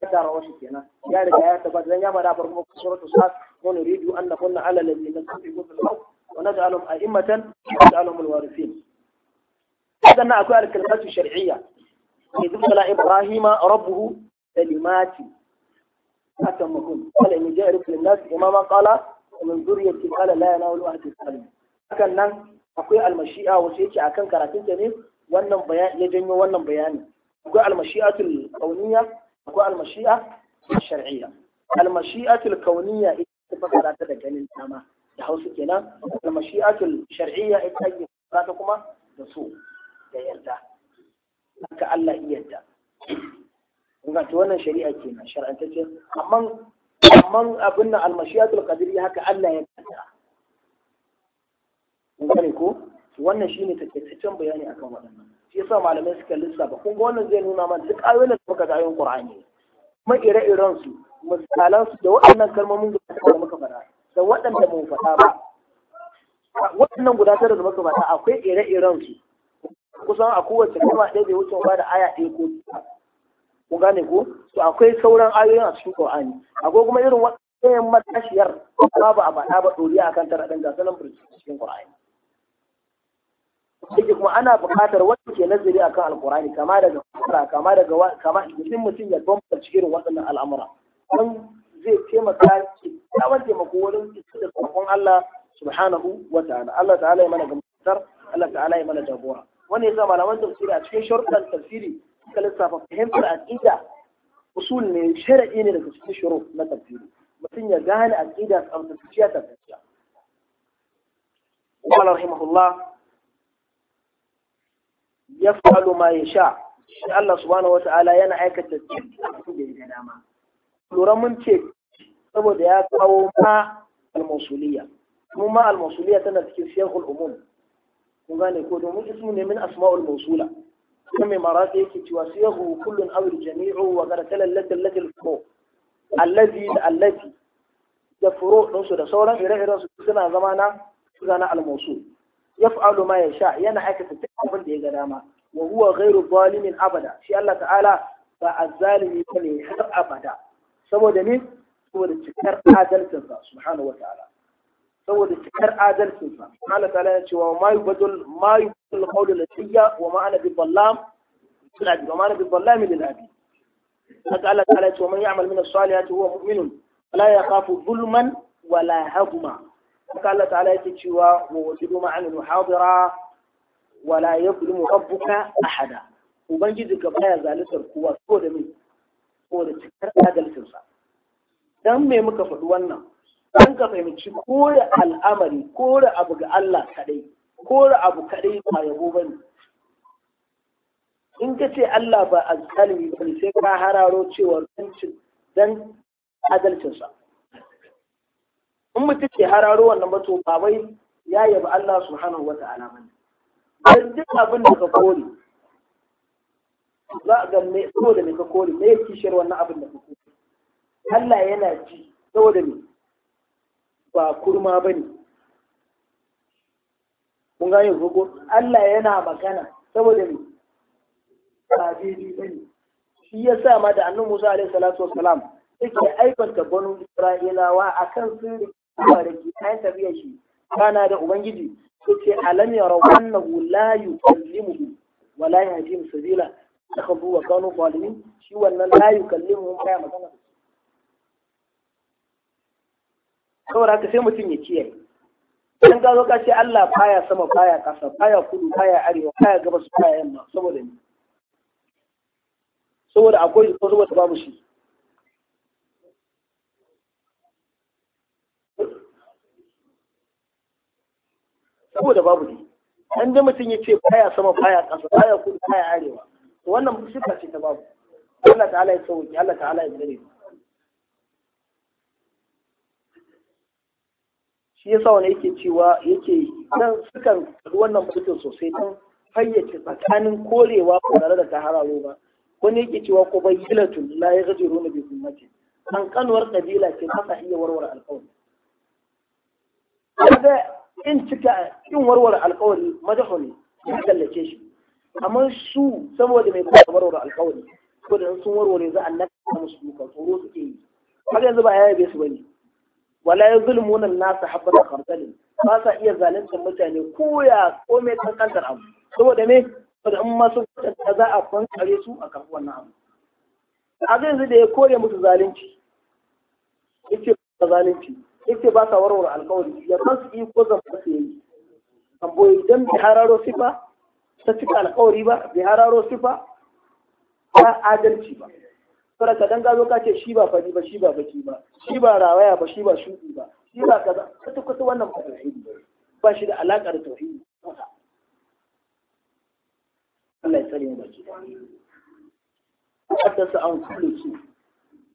tarawa shi kenan ya riga ya tabbata dan ya bada farko suratul sad wa nuridu an nakunna ala alladhina yunfiquna fil ard wa naj'alhum a'immatan wa naj'alhum al-warithin idan akwai al-kalimatu shar'iyya idza qala ibrahima rabbuhu kalimati atammahum qala inni ja'iluka lin-nas imama qala ومن ذريتي قال لا ينال عهد الظالمين hakan nan akwai almashi'a wasu yake akan karatun ta ne wannan ya janyo wannan bayani akwai almashi'atul kauniya ko almashi'a shar'iyya almashi'atul kauniyya ita fasara ta da ganin dama da hausa kenan almashi'atul shar'iyya ita ake fasara kuma da so da yarda haka Allah iya yarda ga to wannan shari'a kenan shar'antacce amma amma abin nan almashi'atul qadariyya haka Allah ya yarda kun ko wannan shine takaitaccen bayani akan waɗannan shi yasa malamai suka lissafa kun ga wannan zai nuna mana duk ayoyin da muka ga ayoyin Qur'ani kuma ire-iren su misalan su da waɗannan kalmomin da muka faɗa da waɗanda mu faɗa ba waɗannan guda tara da muka faɗa akwai ire-iren su kusan a kowace kuma ɗaya bai wuce ba da aya ɗaya ko ku gane ko to akwai sauran ayoyin a cikin Qur'ani akwai kuma irin wannan matashiyar babu a faɗa ba ɗoriya akan tara ɗin ga sanan cikin Qur'ani yake kuma ana buƙatar wanda ke nazari akan alkurani kama daga fara kama daga kama mutum mutum ya bambance irin waɗannan al'amura don zai taimaka kyawun taimako wurin isar da sakon Allah subhanahu wa ta'ala Allah ta'ala ya mana gamsar Allah ta'ala ya mana jagora wannan yasa malaman tafsiri a cikin sharuɗan tafsiri suka lissafa fahimtar aqida usul ne shar'i ne daga cikin shuru na tafsiri mutum ya gane aqida tsamtacciya tafsiriya قال رحمه الله falo ma sha. shi Allah subhanahu wata'ala yana aikata abin da ya dama lura mun ce saboda ya kawo ma al-mausuliyya kuma ma al-mausuliyya tana cikin siyaqul umum kun gane ko domin ismu ne min asma'ul mausula kuma mai marasa yake cewa siyahu kullun aw jami'u wa qad talallata allati al-furu allazi da allati da furu da sauran ire-iren su suna zama na suna na al-mausul yaf'alu ma sha yana aikata duk abin da ya ga dama wa huwa ghairu zalimin abada shi Allah ta'ala ba azzalimi bane har abada saboda ne saboda cikar adalcin sa subhanahu wataala saboda cikar adalcin sa Allah ta'ala ya ce wa ma yubadul ma yubadul qawlu ladayya wa ma ana biballam sulabi wa ma ana biballam lil abi haka Allah ta'ala ya ce wa zulman wala hadma haka Allah ta'ala yake cewa wa wajidu ma'amilu hadira wala yuzlimu rabbuka ahada ubangiji ka baya zalitar kowa saboda me saboda cikar adalcinsa dan me muka faɗi wannan dan ka fahimci kore al'amari kore abu ga Allah kadai kore abu kadai ba yabo bane in ka ce Allah ba azalimi bane sai ka hararo cewa dan adalcinsa in mutum ke hararo wannan ba to ba wai ya yabi Allah subhanahu wa ta'ala bane dan duk abin da ka kore za ga me saboda me ka kore me yake kishiyar wannan abin da ka kore Allah yana ji saboda me ba kurma bane kun gane hukun Allah yana magana saboda me ba ba bane shi yasa ma da annabi Musa alaihi salatu wassalam yake aikanta banu Isra'ilawa akan sirri zuwa da a kayan tafiyar shi kana da ubangiji yace alam yarau annahu la yukallimuhu wa la yahdihim sabila takhadhu wa kanu zalimin shi wannan la yukallimuhu kaya magana saboda haka sai mutum ya kiyaye idan ka zo ka ce Allah baya sama baya kasa baya kudu baya arewa baya gabas baya yamma saboda ni saboda akwai saboda babu shi saboda babu ne an da mutum ya ce baya sama baya ƙasa baya kudu baya arewa to wannan ba ce ta babu Allah ta'ala ya sauki Allah ta'ala ya gare shi yasa wani yake cewa yake nan sukan wannan mutum sosai don fayyace tsakanin korewa ba tare da ta hararo ba wani yake cewa ko bayyilatu la ya gaje rona bi ummati an kanuwar kabila ce ba sa iya warware alƙawari in cika in warware alkawari madahu ya tallace shi amma su saboda mai kuma warware alkawari ko da sun warware za a naka musu duka tsoro ke yi har yanzu ba ya bai su bane wala ya zulmuna nasa habbata khamsalin ba sa iya zalunta mutane ko ya komai kankantar abu saboda me saboda in masu sun za a kwankare su a kafin wannan abu a zai da ya kore musu zalunci yace zalunci yake ba sa warware alkawari ya ba su iko zamba su yi ambo idan bai hararo sifa ta cika alkawari ba bai hararo sifa ta adalci ba kada ka danga gazo ka ce shi ba fari ba shi ba baki ba shi ba rawaya ba shi ba shuɗi ba shi ba kaza kwata kwata wannan ba tauhidi ba shi da alaƙa da tauhidi Allah ya tsare mu baki da sa an kulle su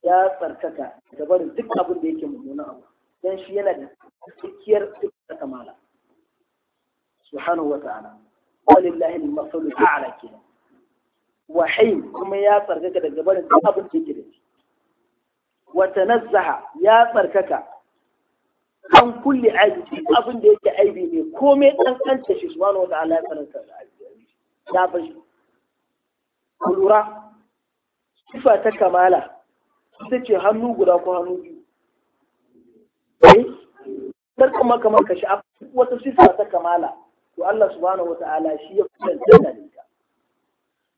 ya tsarkaka da barin duk abin da yake mummunan abu dan shi yana da tsakiyar da kamala subhanahu wa ta'ala walillahi al-masalu a'la kenan wahayi kuma ya tsarkaka daga barin duk abin da yake da shi wa tanazzaha ya tsarkaka an kulle aibi abin da yake aibi ne komai dan kanta shi subhanahu wa ta'ala ya tsarkaka da aibi ya bashi kulura sifa ta kamala ita ce hannu guda ko hannu biyu eh sarkan ma kamar ka sha'af wata sifa ta kamala to Allah subhanahu wata'ala shi ya kusanta da ita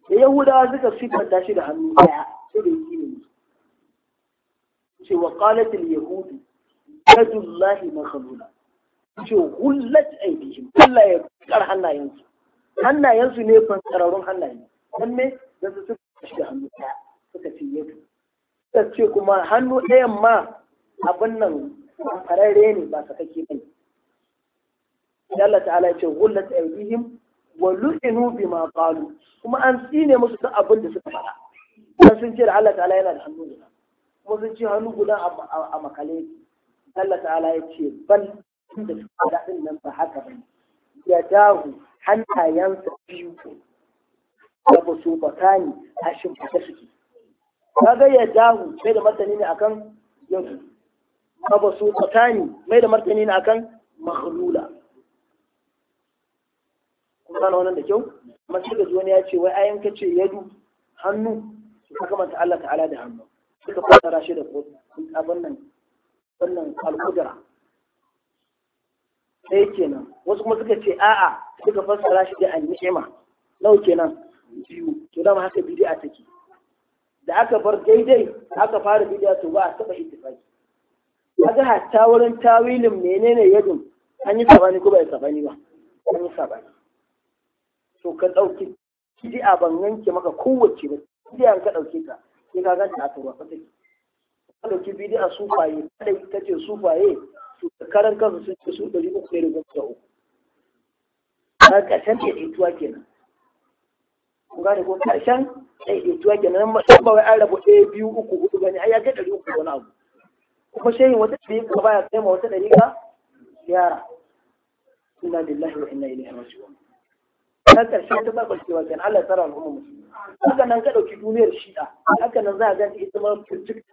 da yahudawa suka sifanta shi da hannu daya sai da yake ne ce wa qalat al yahud yadullahi maghlula ce hullat aydihim Allah ya kar hannayensu hannayensu ne fankararrun hannaye dan me da su suka shi da hannu daya suka ce yadda. suka ce kuma hannu ɗayan ma abin nan fararre ne ba kake bane. Idan Allah ta'ala ya ce gullat aydihim wa lu'inu bima qalu kuma an tsine musu duk abin da suka faɗa dan sun ce da Allah ta'ala yana da hannu guda kuma sun ce hannu guda a makale Allah ta'ala ya ce bal da suka faɗa din nan ba haka ba ya dahu hannayensa biyu da ba su bakani a shimfiɗa suke ga ya dahu sai da martani ne akan yanzu mabasutani mai da martani na akan makhlula kun gano wannan da kyau amma sai ga wani ya ce wai ayan ka ce yadu hannu su ka kamanta Allah ta'ala da hannu suka fara shi da abin nan wannan al'udura sai kenan wasu kuma suka ce a'a suka fassara shi da an'ima nau kenan biyu to dama haka bidi'a take da aka bar daidai aka fara bidi'a to ba a taba ittifaki kaga hatta wurin tawilin menene yadin an yi sabani ko bai sabani ba an yi sabani to ka dauki a ban yanke maka kowace ba an ka dauke ta sai ka ganta a turwa ka take ka dauki bid'a sufaye kada ta ce sufaye to karan kansu sun ce su 313 ka karshen ta ituwa kenan kun gane ko karshen ɗaiɗaituwa kenan ba wai an rabu ɗaya biyu uku hudu gani ai ya ga ɗari uku wani abu kuma shehin wata ce ɗariƙa baya kai ma wata ɗariƙa ziyara inna lillahi wa inna ilaihi raji'un na ƙarshe ta zaɓar cewa kan Allah tsara al'umma musulmi haka nan ka ɗauki duniyar shi'a haka nan za a ganta ita ma firjik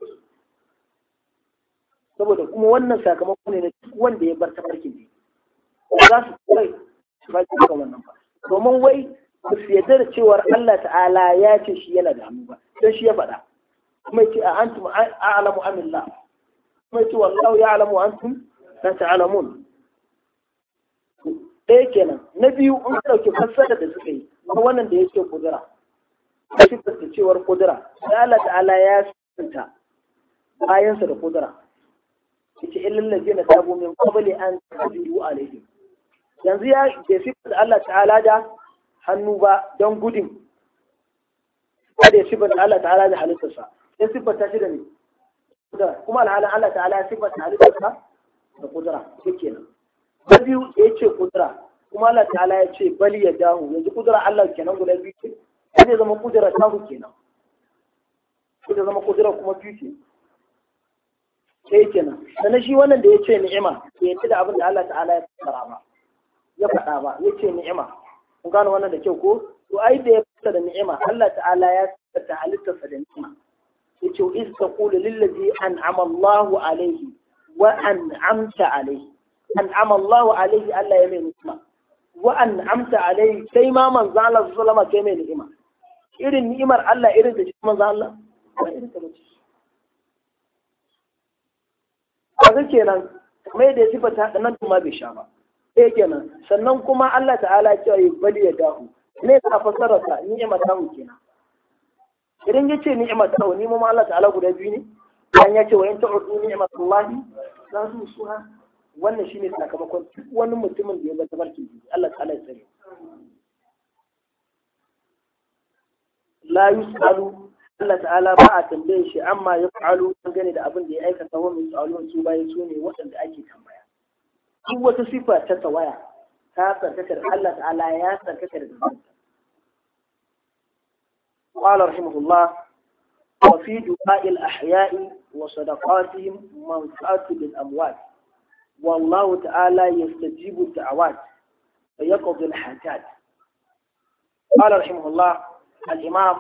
saboda kuma wannan sakamako ne na duk wanda ya bar tafarkin ne za su kai su ba ka wannan ba domin wai ku su da cewar Allah ta'ala ya ce shi yana da hannu ba don shi ya faɗa kuma ya ce a antum a'lamu amillah kuma ce wallahu ya alamu an tun na ta'alamun ɗaya kenan na biyu in ka ɗauki fassara da suka yi ba wannan da ce kudura ta fi da cewar kudura ya Allah ta'ala ya santa bayansa da kudura ilin lafiya na tabo min kwabali an a laifi. yanzu ya ke sifar Allah ta'ala da hannu ba don gudun kada ya sifar Allah ta'ala da halittarsa ya fi ta shi da ne kuma alhalin Allah ta'ala ya ta halittarsa da kudura yake nan na biyu ya ce kudura kuma Allah ta'ala ya ce bali ya dahu yanzu kudura Allah kenan guda biyu ce ya zai zama kudura ta tahu kenan ko ta zama kudura kuma biyu ce sai kenan sannan shi wannan da ya ce ni'ima ya yi da abin da Allah ta'ala ya fara ba ya faɗa ba ya ce ni'ima kun gano wannan da kyau ko to ai da ya fasa da ni'ima Allah ta'ala ya fasa halittarsa da ni'ima yace iz taqulu lillazi an'ama Allahu alaihi wa an'amta alaihi an'ama Allahu alaihi Allah ya mai ni'ima wa an'amta alaihi sai ma manzo Allah sallallahu alaihi sai mai n'ima. irin ni'imar Allah irin da manzo Allah ba irin ta bace kaga kenan kamar da sifa ta nan kuma bai sha ba eh kenan sannan kuma Allah ta'ala ya ce bali ya dahu ne ta fasararsa ni'imar ta kenan idan ya ce ni'imar ta ni mu Allah ta'ala guda biyu ne an ya ce wa in ta'udu ta Allahi za su suha wannan shine sakamakon duk wani mutumin da ya zama barkin Allah ta'ala ya sani la yusalu Allah ta'ala ba a tambaye shi amma ya fa'alu gani da abin da ya aikata wa mai tsalon su bayan su ne waɗanda ake tambaya duk wata sifa ta tawaya ta tsarkaka Allah ta'ala ya tsarkaka da قال رحمه الله وفي دعاء الأحياء وصدقاتهم منفعة للأموات والله تعالى يستجيب الدعوات ويقضي الحاجات قال رحمه الله الإمام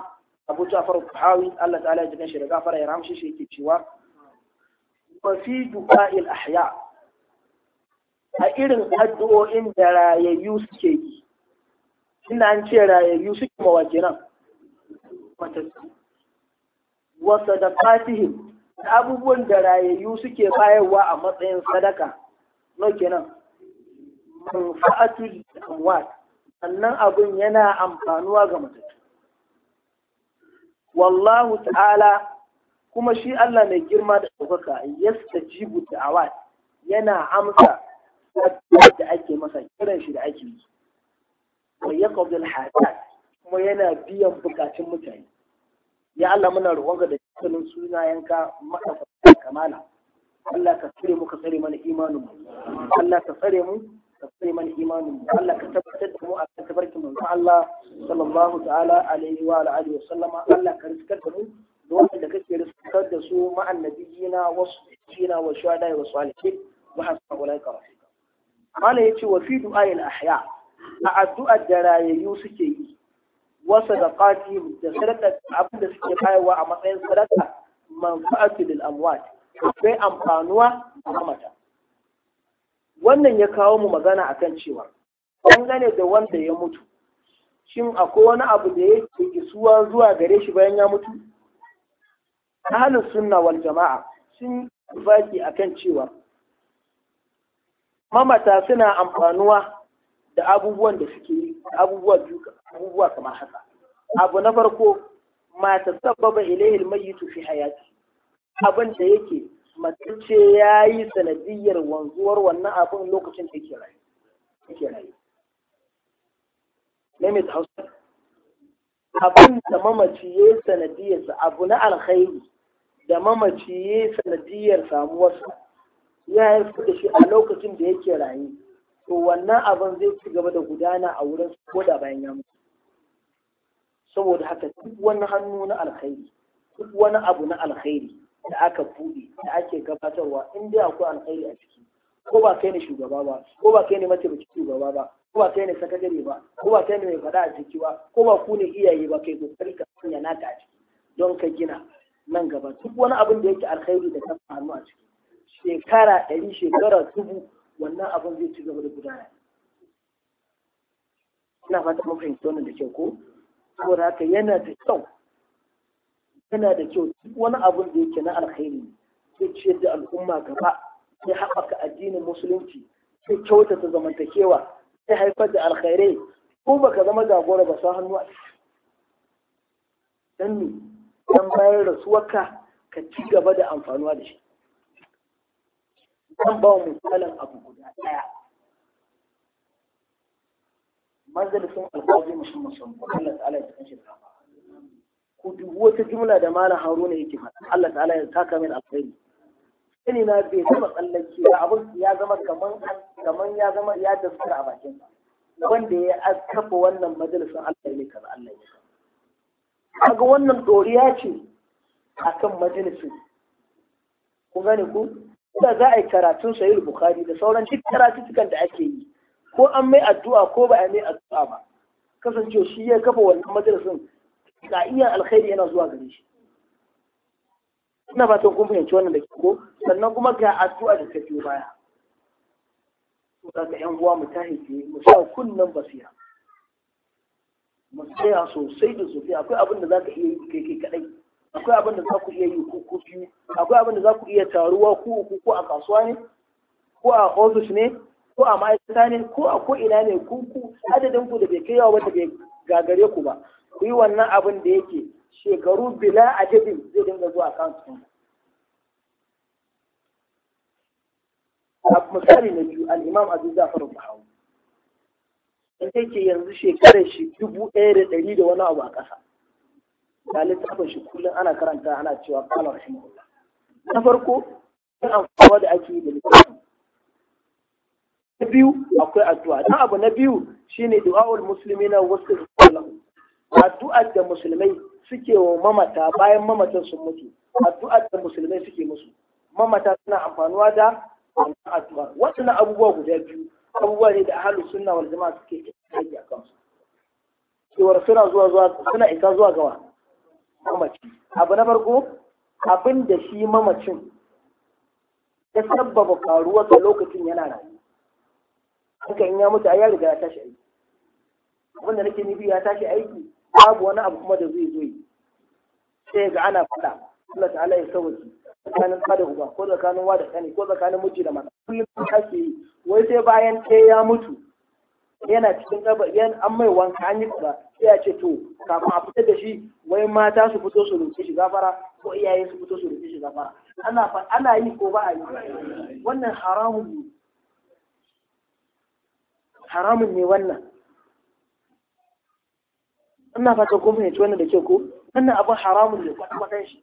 أبو جعفر الطحاوي الله تعالى يجزاه شر جعفر يرحم شيء كتشوا وفي دعاء الأحياء a irin addu'o'in da rayayyu suke yi ina an ce rayayyu suke mawa kenan matattu da sadaqatihim abubuwan da rayayyu suke bayarwa a matsayin sadaka no kenan manfa'atul amwat sannan abun yana amfanuwa ga matattu wallahu ta'ala kuma shi Allah mai girma da ɗaukaka yastajibu da'awat yana amsa da ake masa kiran shi da ake yi wa yaqdi al-hajat kuma yana biyan bukatun mutane ya Allah muna roƙonka da dukkanin sunayenka maka kamala Allah ka tsare mu ka tsare mana imanin mu Allah ka tsare mu ka tsare mana imanin mu Allah ka tabbatar da mu a kan tabarkin manzo Allah sallallahu ta'ala alaihi wa alihi wa sallama Allah ka riskar da mu da wanda kake riskar da su ma'an nabiyina wa sujina wa shuhada wa salihin wa hasba ulaika rafiqa mala yace wa fi du'a al ahya a addu'ar da rayayyu suke yi da sadaqatihim da sadakar abin da suke bayarwa a matsayin sadaka manfa'atu lil amwat akwai amfanuwa a mamata wannan ya kawo mu magana akan cewa dangane da wanda ya mutu shin akwai wani abu da ya isuwa zuwa gare shi bayan ya mutu ahlus sunna wal jama'a sun baki akan cewa mamata suna amfanuwa da abubuwan da suke yi abubuwa biyu abubuwa kamar haka abu na farko mata sababa ilahil mayyitu fi hayati abin da yake matacce ya yi sanadiyyar wanzuwar wannan abin lokacin da yake rayu yake rayu name ta hausa abin da mamaci ya yi sanadiyyarsa abu na alkhairi da mamaci ya yi sanadiyyar samuwarsa ya haifar da shi a lokacin da yake rayu to wannan abin zai ci gaba da gudana a wurin ko da bayan ya mutu saboda haka duk wani hannu na alkhairi duk wani abu na alkhairi da aka buɗe da ake gabatarwa in dai akwai alkhairi a ciki ko ba kai ne shugaba ba ko ba kai ne mataimaki shugaba ba ko ba kai ne sakatare ba ko ba kai ne mai faɗa a ciki ba ko ba ku ne iyaye ba kai kokari ka sanya naka a ciki don ka gina nan gaba duk wani abin da yake alkhairi da ka hannu a ciki shekara ɗari shekara dubu wannan abin zai ci gaba da gudana ina fata mun fahimci wannan da kyau ko saboda haka yana da kyau yana da kyau duk wani abin da yake na alkhairi zai ciyar da al'umma gaba zai haɓaka addinin musulunci zai kyautata zamantakewa zai haifar da alkhairai ko ka zama jagora ba sa hannu a dan ne dan bayan rasuwarka ka ci gaba da amfanuwa da shi zan ba misalin abu guda ɗaya majalisun alƙazi musamman sun Allah ta'ala ya tsakan shi ku dubi wata jumla da malam haruna yake faɗa Allah ta'ala ya saka min alkhairi sani na bai taɓa tsallake ba abin ya zama kaman kaman ya zama ya daskara a bakin sa wanda ya askafa wannan majalisun Allah ne kaza Allah ya kaga wannan doriya ce akan majalisin ku gane ku da za a yi karatun sahih bukhari da sauran duk karatun da ake yi ko an mai addu'a ko ba a mai addu'a ba kasancewa shi ya kafa wannan madrasin ga iya alkhairi yana zuwa gare shi ina fatan kun fahimci wannan da ko sannan kuma ga addu'a da baya. biyo baya daga yan uwa mu ta ke mu sa kunnan basira mu tsaya sosai da sosai akwai abin da zaka iya yi kai kai kadai akwai abin da za ku iya yi ku biyu akwai abin da za ku iya taruwa ku ku ko a kasuwa ne ko a ofis ne ko a ma'aikata ne ko a ko ina ne ku ku adadin ku da bai kai yawa wanda bai gagare ku ba ku yi wannan abin da yake shekaru bila adadin zai dinga zuwa kan su misali na biyu Alimam imam a zafar bahawu sai ke yanzu shekarar shi dubu ɗaya da ɗari da wani abu a ƙasa da littafin shi kullum ana karanta ana cewa qala rahimahullah na farko yin amfani da ake yi da littafin na biyu akwai addu'a dan abu na biyu shine du'aul muslimina wasu addu'a da musulmai suke wa mamata bayan mamatan sun mutu addu'a da musulmai suke musu mamata suna amfanuwa da wannan addu'a wannan abubuwa guda biyu abubuwa ne da ahlus sunna wal jama'a suke yi a kansu cewar suna zuwa zuwa suna isa zuwa gawa mamaci abu na farko abin da shi mamacin ya sabbaba faruwarsa lokacin yana rayuwa. haka in ya mutu a ya riga ya tashi aiki abin da nake nufi ya tashi aiki babu wani abu kuma da zai zo yi sai ga ana faɗa Allah ta'ala ya sauki tsakanin ba da uba ko tsakanin wa da kani ko tsakanin miji da mata kullum ke yi wai sai bayan ɗaya ya mutu yana cikin yan an mai wanka an yi kaza sai ya ce to kafin a fitar da shi wai mata su fito su roƙi shi gafara ko iyaye su fito su roƙi shi gafara ana ana yi ko ba a yi wannan haramun ne haramun ne wannan ina fata kun fahimci wannan da ke ko wannan abin haramun ne kwata-kwatan shi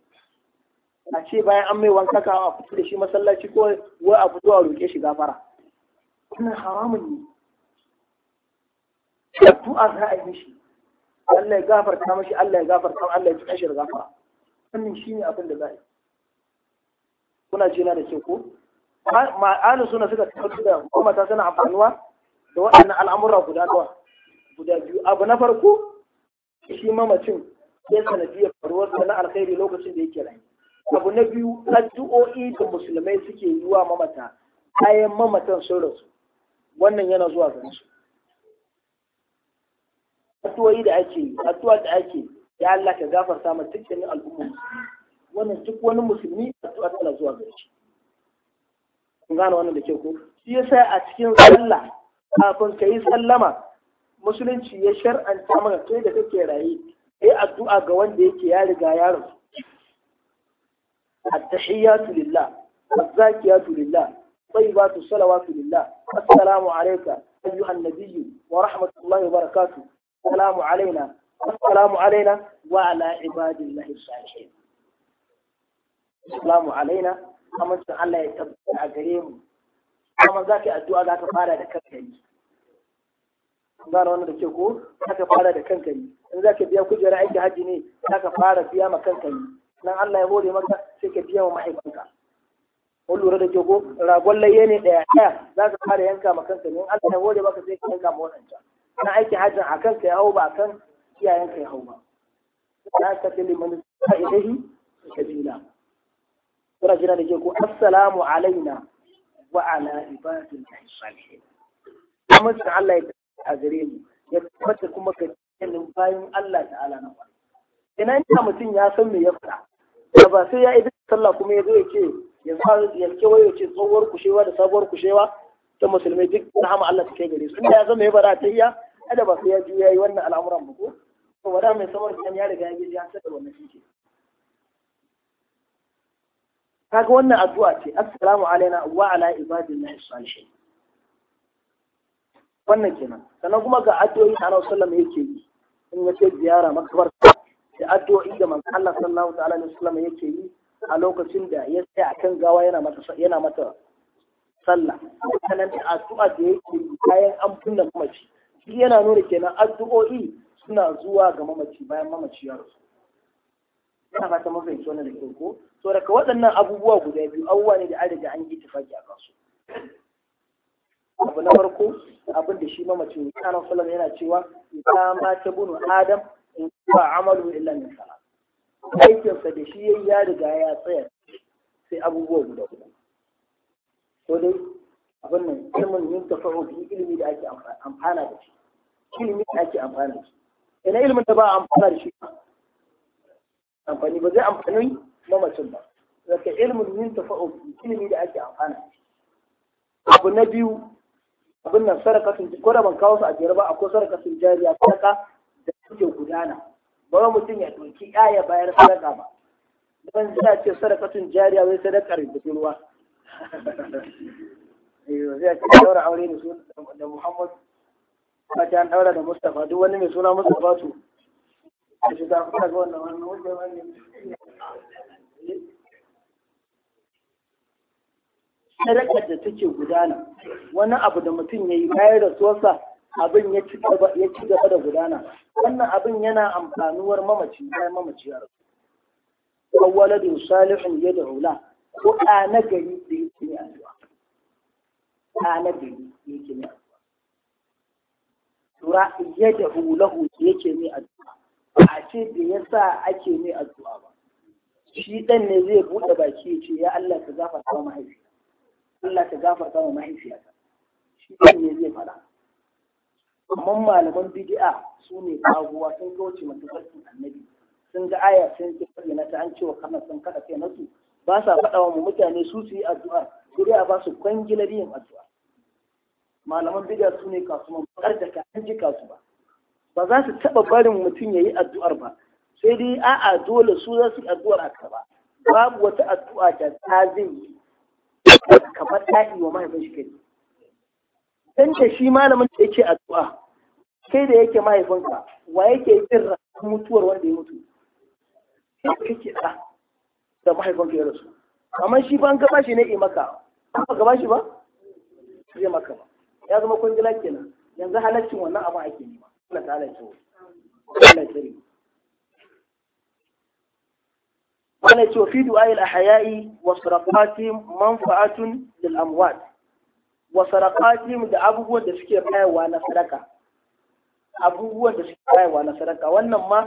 a ce bayan an mai wanka ka a fito da shi masallaci ko wai a fito a roƙe shi gafara wannan haramun ne addu'a za a yi mishi Allah ya gafarta mashi Allah ya gafarta Allah ya ji shi da gafara wannan shine abin da za a yi kuna jina da ke ko ma'anu suna suka tabbatar da kuma ta sana amfanuwa da waɗannan al'amura guda nawa guda biyu abu na farko shi mamacin ya sanadiyar faruwar sana alkhairi lokacin da yake rai abu na biyu addu'o'i da musulmai suke yi wa mamata bayan mamatan sun rasu wannan yana zuwa gare su addu'o'i da ake addu'a da ake ya Allah ka gafarta dukkanin al'umma wannan duk wani musulmi addu'a tana zuwa gare shi kun gane wannan da ke ko shi yasa a cikin sallah kafin ka yi sallama musulunci ya shar'anta maka kai da kake raye kai addu'a ga wanda yake ya riga ya rasu at-tahiyatu lillah az-zakiyatu lillah طيبات الصلوات لله السلام عليك أيها النبي ورحمة الله وبركاته السلام علينا السلام علينا وعلى عباد الله الصالحين السلام علينا kamar sun Allah ya tabbata a gare mu kuma za ka yi addu'a za ka fara da kanka yi gano wannan da ke ko za ka fara da kanka yi in za ka biya kujerar aiki hajji ne za ka fara biya ma kanka yi nan Allah ya hore maka sai ka biya wa mahaifinka kun lura da ke ko ragon ne daya ɗaya za ka fara yanka ma kanka ne in Allah ya hore maka sai ka yanka ma waɗancan na aiki hajjin a kan ka yawo ba a kan iyayen ka yawo ba na ka fi liman ta ilahi ka jina kuna jina da ke ku, assalamu alaina wa ala ibadin salihin amincin Allah ya a gare mu ya tabbata kuma ka jinin bayan Allah ta'ala na wani. ina ina mutum ya san me ya faɗa da ba sai ya idan sallah kuma ya zo ya ce yanzu ya kewaye ya ce tsohuwar kushewa da sabuwar kushewa ta musulmai duk hama Allah ta kai gare su inda ya zama ya bara ta iya kada ba sai ya ji yayi wannan al'amuran ba ko to wala mai samar kan ya riga ya ji ya saka wannan shike kaga wannan addu'a ce assalamu alaina wa ala ibadillahi salihin wannan kenan sannan kuma ga addu'o'i da Annabi sallallahu alaihi yake yi in ya ce ziyara makabar da addu'o'i da manzo Allah sallallahu alaihi wasallam yake yi a lokacin da ya tsaya akan gawa yana mata yana mata sallah sannan da addu'a da yake yi bayan an kunna mamaci yana nuna kenan addu'o'i suna zuwa ga mamaci bayan mamaci ya rasu yana fata mafi fahimci da kyau ko to daga waɗannan abubuwa guda biyu abubuwa ne da an riga an yi tafaki a kansu abu na farko abin da shi mamacin kanan fulani yana cewa ita ma ta bunu adam in ba amalu illa min sala aikinsa da shi yayi ya riga ya tsaya sai abubuwa guda uku ko dai abin nan ilmin yin tafa'u bi ilimi da ake amfana da shi ilimi da ake amfani da shi ina ilimin da ba a amfana da shi amfani ba zai amfani mamacin ba zaka ilimin yin tafa'u ilimi da ake amfana da shi abu na biyu abin nan sarakatun ko da ban kawo su a jere ba akwai jari jariya sadaka da suke gudana ba mutum ya ɗauki ya bayar sadaka ba dan zai ce sarakatun jariya wai sadakar budurwa eh zai ce daura aure ne su da Muhammad ba an daura da Mustapha duk wani mai suna Mustapha su a shiga kuma ga wannan wannan wajen wannan sadakar da take gudana wani abu da mutum ya yi bayan rasuwarsa abin ya ci gaba da gudana wannan abin yana amfanuwar mamaci bayan mamaci ya rasu salihun ya da hula ko ɗa na gari da yake ne a zuwa ɗa na gari yake ne a da hulahu da yake mai addu'a ba a ce da ya sa ake mai addu'a ba shi ɗan ne zai buɗe baki ya ce ya Allah ka gafarta wa mahaifi Allah ka gafarta wa mahaifiyata shi ɗan ne zai faɗa amma malaman bid'a su ne kawuwa sun kauce matafarkin annabi sun ga aya sun ce na ta an cewa kamar sun kada kai nasu ba sa faɗa wa mutane su su yi addu'a sai a ba su kwangilar yin addu'a malaman bid'a su ne kasu man bakar da ka an ji kasu ba ba za su taba barin mutum ya yi addu'ar ba sai dai a'a dole su za su yi addu'ar a ba. babu wata addu'a da ta zai yi kamar ta yi wa mahaifin shi kai dan da shi malamin da yake addu'a kai da yake mahaifinka wa yake yin mutuwar wanda ya mutu sai kake da da mahaifinka ya rasu amma shi ba an gaba shi ne maka ba gaba shi ba zai maka ba ya zama kwangila kenan yanzu halaccin wannan abu ake nema Allah ta'ala ya tsoro Allah ya tsare wala ce fi du'ai al-ahya'i wa sadaqatihim manfa'atun lil amwat wa sadaqatihim da abubuwan da suke bayarwa na sadaka abubuwan da suke bayarwa na sadaka wannan ma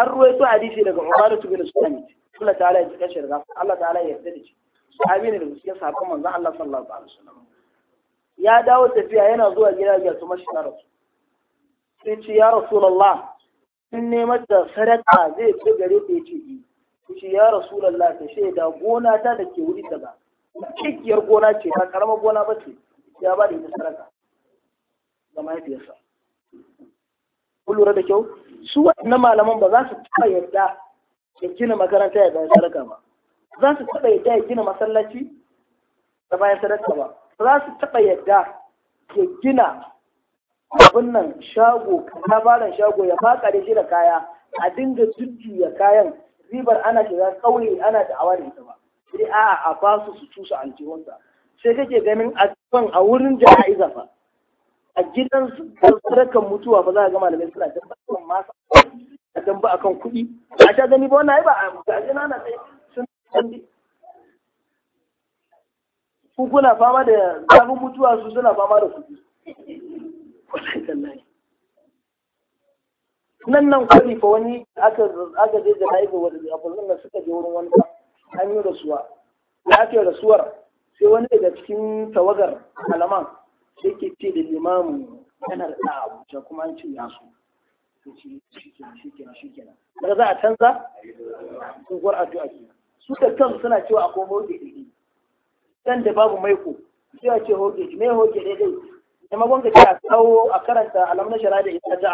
an su hadisi daga Umaratu bin Sulaiman Allah ta'ala ya tsare shi Allah ta'ala ya yarda da shi sahabi ne da gaskiya sahabban manzon Allah sallallahu alaihi wasallam ya dawo tafiya yana zuwa gida ga su mashi na rasu sai ce ya rasu lallah sun nema da sadaka zai fi gare ta ce yi ce ya rasulallah ta da gona ta da ke wuri daga cikiyar gona ce ba karama gona ba ce ya ba da ita sadaka ga mahaifiyarsa kun lura da kyau su na malaman ba za su taɓa yadda ya gina makaranta ya bayan sadaka ba za su taɓa yadda ya gina masallaci da bayan sadaka ba ba za su taɓa yadda ya gina abin nan shago na baran shago ya da shi da kaya a dinga jujjuya kayan ribar ana shiga kauye ana da awa da ba sai a'a a ba su cusa aljihunsa sai kake ganin a kan a wurin jana'iza fa a gidan sarakan mutuwa ba za a ga malamai suna dan ba masa a dan a kan kuɗi a sha gani ba wani ba a na sai sun ku kuna fama da zafin mutuwa su suna fama da kuɗi nan nan kwari fa wani aka je jana'iza wani abu nan suka je wurin wani an yi rasuwa da aka rasuwar sai wani daga cikin tawagar alaman sai ke ce da limamu yana da ɗa abuja kuma an ce ya daga za a canza tsohuwar addu'a ke su da kan suna cewa akwai mawuce ɗaiɗai kan da babu maiko sai a ce hoge me hoge dai dai kuma gwamnati ta tsawo a karanta alamun shara da ita ta,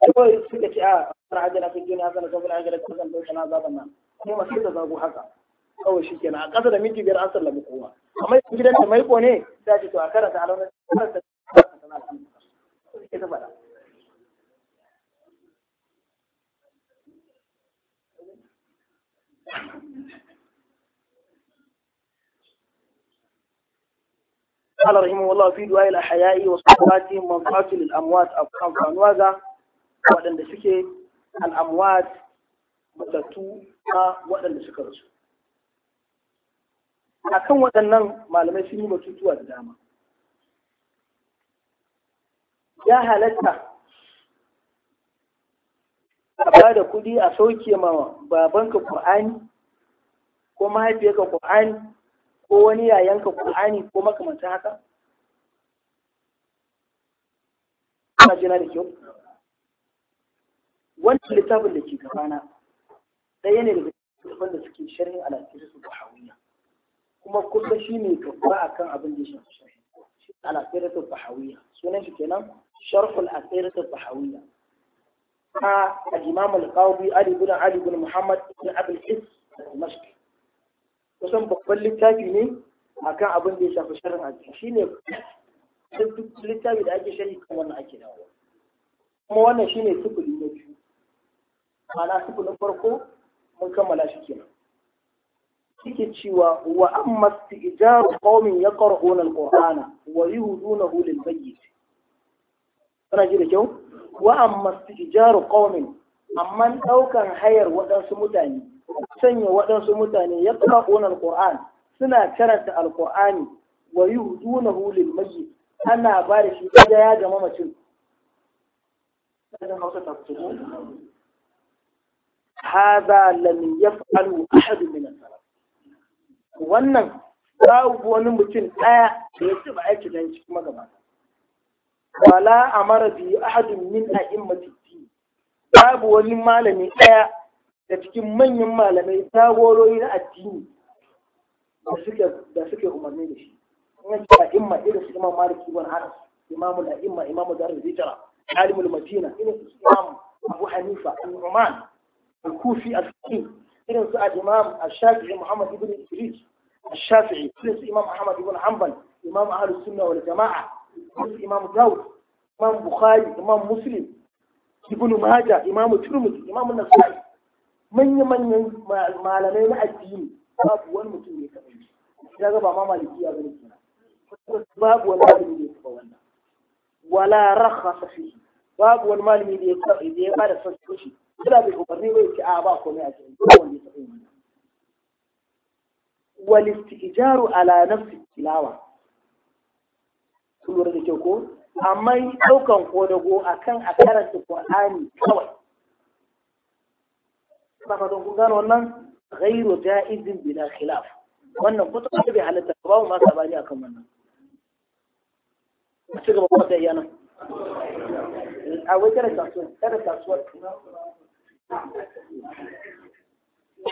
kawai suka ce a sana ajiyar fi a hasana sabon ajiyar fi zan dauka na zaben nan sai masu da zago haka kawai shi kenan a ƙasa da minti biyar an sallama kowa amma yanzu gidan da maiko ne ta ce to a karanta alamun shara da ita sana ita faɗa Thank you. قال رحمه الله في دعاء الأحياء وصحبات منفعة للأموات أنفعوا ذا waɗanda suke al'amwat matattu na waɗanda suka rasu. A kan waɗannan malamai sun yi batutuwa da dama. Ya halatta a ba da kuɗi a sauke ma babanka Kur'ani ko mahaifiyarka Kur'ani ko wani ya yanka Qur'ani ko makamantan haka ana jina da kyau wannan littafin da ke gabana ɗaya ne daga littafin da suke sharhin alasirin su bahawiyya kuma kullum shi ne gaba akan abin da ya shafi sharhi alasirin su bahawiyya sunan shi kenan sharhul asirin su bahawiyya a al-imam al-qawbi ali ibn ali ibn muhammad ibn abul is al kusan babban littafi ne a kan abin da ya shafi sharrin hadisi shine duk littafi da ake sharhi kan wannan ake dawo kuma wannan shine sufuri na biyu ma'ana sufurin farko mun kammala shi kenan suke cewa wa amma istijaru qaumin yaqra'una alqur'ana wa yuhdunahu lil bayt Tana ji da kyau wa amma istijaru qaumin amma daukan hayar waɗansu mutane sanya waɗansu mutane ya ƙona alƙur'an suna karanta alƙur'ani wa yi huduna hulil mayyit ana ba da shi ɗaya ga mamacin هذا لم a أحد من السلف wannan babu wani mutum ɗaya da ya ba aiki da kuma gaba. wala biyu a hadu min a'immati babu wani malami ɗaya da cikin manyan malamai tagorori na addini da suke umarni da shi wannan ce imma irin su imam malik ibn anas imamul a'imma imamu dar al-hijra alimul madina irin su imam abu hanifa al-uman al-kufi al-fiqi irin su al-imam al-shafi'i muhammad ibn idris al-shafi'i irin su imam ahmad ibn hanbal imam ahlus sunna wal jama'a irin su imam dawud imam bukhari imam muslim ibn majah imam tirmidhi imam nasai manya-manyan malamai na addini babu wani mutum ne kaɗai yi ya ga ba ma malikiya ba ne kenan babu wani malami da ya taɓa wannan wala rakhasa fi babu wani malami da ya da ya bada sassoci kula ko umarni bai ce a ba komai a cikin ba wanda ya taɓa yi wannan wal istijaru ala nafsi tilawa kun lura da kyau ko amma ɗaukan kodago akan a karanta Qur'ani kawai أصلح دخولان ونن غير جائز بلا خلاف ونن قطعه بحالة تقبع وما سباني أكم ونن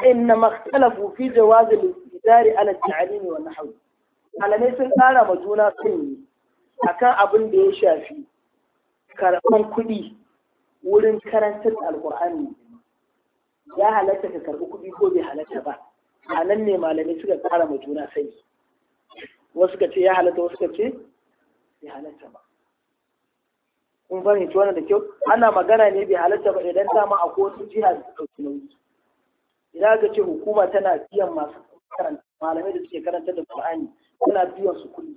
إنما اختلفوا في جواز الإدارة على التعليم والنحو على نفس أنا مجونا قيمي أكان أبن بيشافي كرقان كلي ولن كرنسة القرآن ya halatta ka karɓi kuɗi ko bai halatta ba a nan ne malamai suka ƙara ma juna sani wasu ka ce ya halatta wasu ka ce bai halatta ba kun fahimci wannan da kyau ana magana ne bai halatta ba idan dama a kotun jiha su ɗauki nauyi idan aka ce hukuma tana biyan masu karanta malamai da suke karanta da Qur'ani tana biyan su kuɗi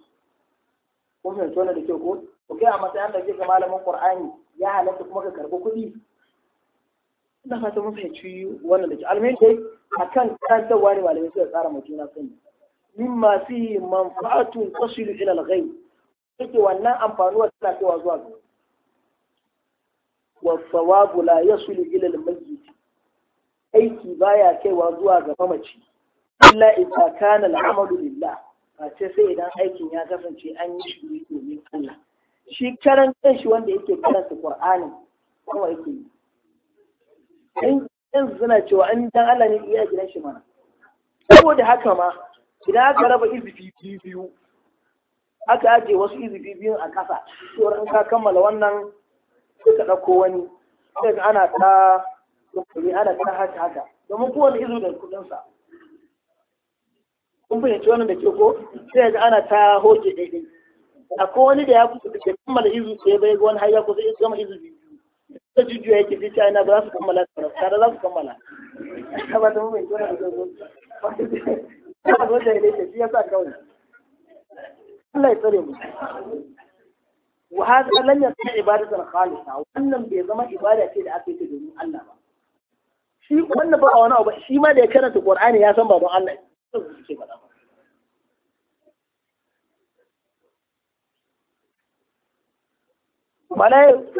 kun fahimci wannan da kyau ko to kai a matsayin da ke ga malamin Qur'ani ya halatta kuma ka karɓi kuɗi ina fata mun fahimci wannan da ke almai dai akan karantarwa ne malami suka tsara mai juna sani mimma yi manfa'atun tasilu ila al-ghayb yake wannan amfanuwa tana cewa zuwa ga wa thawabu la yasulu ila al-mayyit aiki baya kaiwa zuwa ga mamaci illa idza kana al-amalu lillah ce sai idan aikin ya kasance an yi shi domin Allah shi karan kanshi wanda yake karanta Qur'ani kuma yake yi in suna cewa an dan Allah ne iya gidan shi mana saboda haka ma idan aka raba izifi biyu aka ajiye wasu izifi biyun a ƙasa to ran ka kammala wannan sai ka dauko wani sai ka ana ta kuma ana ta haka haka domin kowane izu da kuɗin sa kun fahimci wannan da ke ko sai ga ana ta hoke daidai akwai wani da ya kusa da kammala izu sai bai ga wani har ya kusa gama izu biyu ta ya ke fi china ba za su kammala tare za su kammala ba ta mai tona da zozo ba zo da shi ya sa kawai Allah ya tsare mu wa hada lan yasa ibadatan khalisa wannan bai zama ibada ce da ake yi ta domin Allah ba shi wannan ba a wani abu shi ma da ya karanta Qur'ani ya san ba Allah suke faɗa ba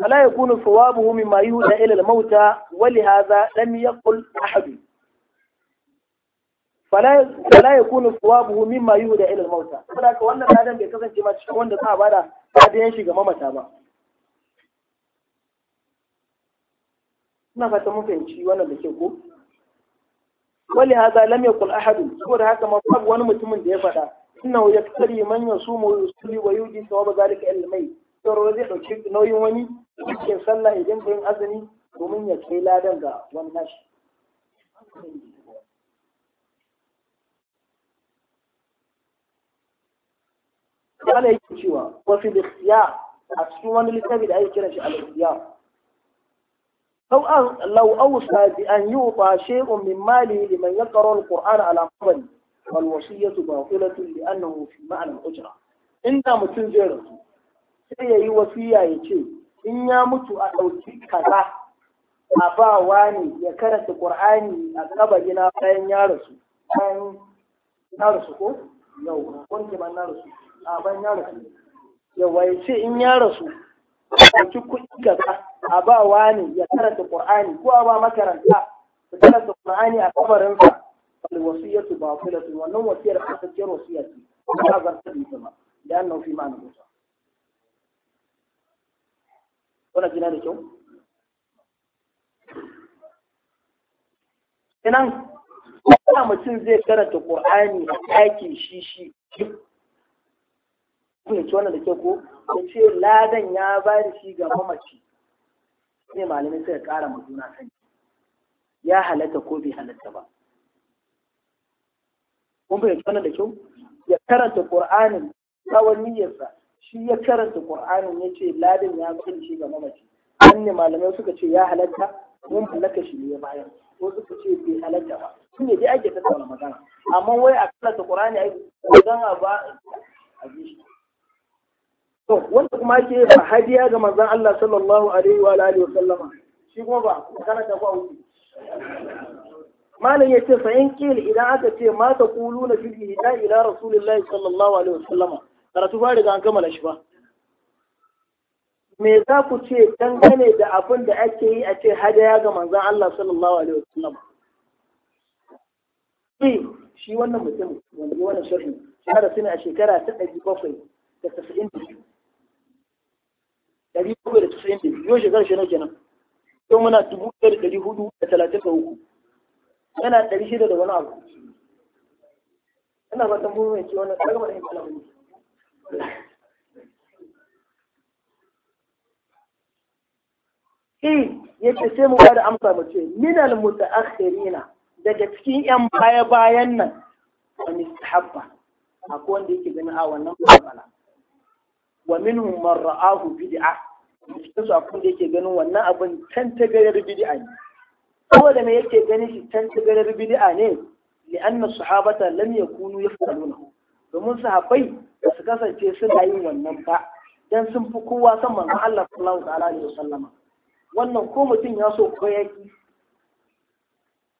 فلا يكون ثوابه مما يهدى إلى الموتى ولهذا لم يقل أحد فلا فلا يكون ثوابه مما يهدى إلى الموتى فلك وانا هذا بيكسن جماعة شكوان دا صعب هذا هذا ينشي جمامة تابا na fata mun fahimci wannan da ke ko wali hada lam yakul ahad saboda haka ma wani mutumin da ya faɗa innahu yaktari manyan yasumu wa yusalli wa zalika ilmai tsoro zai ɗauki nauyin wani cikin sallah idan da azumi domin ya kai ladan ga wani nashi Kala yake cewa wasu da siya a cikin wani littafi da ake kira shi al-siya. Sau an lau bi an yi wa shekun min mali liman ya karo al-Qur'an ala mabani wal wasiyatu ba kulatun li annahu fi ma'anar ujra. Inda mutum zai rasu sai ya yi wasiya ya ce in ya mutu a ɗauki kaza a ba wani ya karanta ƙur'ani a kabari gina bayan ya rasu bayan na rasu ko yau wani ban na rasu a ban ya rasu yau ya ce in ya rasu a ɗauki kuɗi kaza a ba wani ya karanta ƙur'ani ko a ba makaranta ya karanta ƙur'ani a kabarinsa alwasiyatu ba filatun wannan wasiyar kasancewar wasiyar ce ba a zartar da ita ba da annan fi ma'anar kuna jina da kyau Sinan, kuma mutum zai karanta Qur'ani a ɗakin shi shi ci wannan da kyau ko ya ce ladan ya ba da shi ga mamaci sai malamai suka ƙara ma juna sani ya halatta ko bai halatta ba kun ci wannan da kyau ya karanta Qur'anin tsawon niyyarsa shi ya karanta qur'anin ya ce ladin ya bari shi ga mamaci an ne malamai suka ce ya halatta mun halaka shi ne bayan ko suka ce bai halatta ba shi ne dai ake tattauna magana amma wai a karanta qur'ani ai dan a ba a ji shi to wanda kuma yake ba hadiya ga manzon Allah sallallahu alaihi wa alihi wa sallama shi kuma ba karanta ko auki malam ya ce fa in idan aka ce ma ta kuluna fil ihda ila rasulillahi sallallahu alaihi wa sallama karatu ba riga an kammala shi ba me za ku ce dangane da abin da ake yi a ce hadaya ga manzan Allah sallallahu alaihi wasallam eh shi wannan mutum wanda yi wannan shirin shahara suna ne a shekara ta ɗari bakwai da tasa'in da biyu ɗari bakwai da tasa'in da biyu yau shekara shi kenan yau muna dubu ɗari da ɗari hudu da talatin da uku yana ɗari shida da wani abu ina ba tambayoyin mai wannan ɗarɓar yin kalamu in yace sai mu bada amsa mu ce minal mutaakhirina daga cikin yan baya bayan nan wa mustahabba akwai wanda yake ganin a wannan matsala wa minhum man ra'ahu bid'a cikin su akwai wanda yake ganin wannan abin tantagarar bid'a ne da me yake ganin shi tantagarar bid'a ne li'anna sahabata lam yakunu yafaluna domin sahabbai su kasance suna yin wannan ba dan sun fi kowa san manzon Allah sallallahu alaihi wasallama wannan ko mutum ya so ko yaki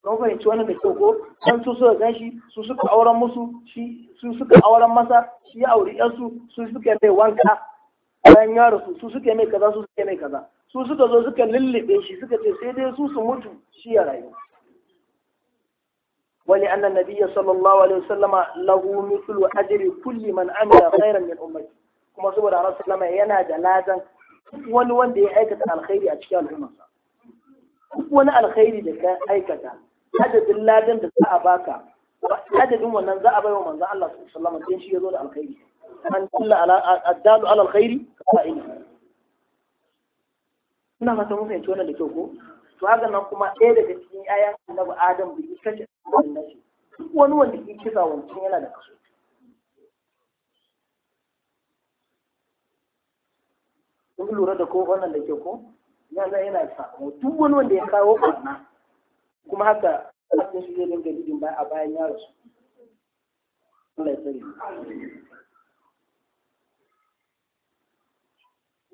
fahimci wani da kyau ko dan su suka ganshi su suka auren musu shi su suka auren masa shi ya auri su su suka mai wanka bayan ya rasu su suka mai kaza su suka mai kaza su suka zo suka lullube shi suka ce sai dai su su mutu shi ya rayu ولأن النبي صلى الله عليه وسلم له مثل أجر كل من عمل خيرا من أمتي كما سوى الله عليه وسلم دلادا wani wanda ya aikata alkhairi a cikin al'ummarsa duk wani alkhairi da ka aikata adadin ladan da za a adadin wannan za bai wa manza Allah sallallahu alaihi wasallam shi yazo da alkhairi man kulla ala addalu ala alkhairi ina da kyau ko to haka nan kuma ɗaya daga cikin ƴaƴan annabi adam bai yi kashe wannan shi duk wani wanda ke kisa wancan yana da kaso kun lura da ko wannan da ke ko yana yana sa duk wani wanda ya kawo barna kuma haka hakan shi zai dinga bidin baya a bayan yaro rasu Allah ya tsare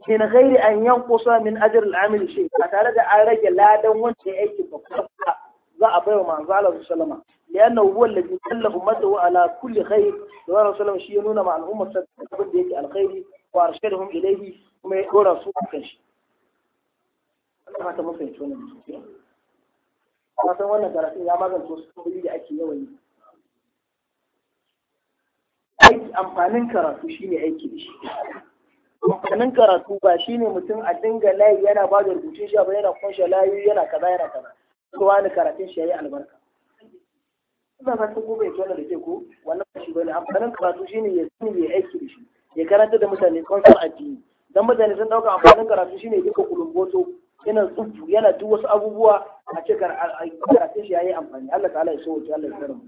min ghairi an yanqusa min ajr al-amil shay ba tare da an rage ladan wanda yake ba za a baiwa manzo Allah sallama lianna huwa alladhi salla ummatahu ala kulli khair wa rasuluhu shi ya nuna ma al'ummar sa abin da yake alkhairi wa arshadahum ilayhi kuma ya dora su kan shi Allah ta mafi tona ka san wannan karatun ya magance wasu tambayoyi da ake yawan yi aiki amfanin karatu shine aiki da shi makanin karatu ba ne mutum a dinga layi yana ba da rubutun shi ba yana kunshe layi yana kaza yana kaza to wani karatun shi yayi albarka ina ba ta gobe ke da ke ko wannan shi bane amfanin karatu shine ya sani ya aiki da shi ya karanta da mutane konsar addini dan mutane sun dauka amfanin karatu shine duka kulumboto yana tsuntu yana duk wasu abubuwa a ce karatun shi yayi amfani Allah ta'ala ya so Allah ya karama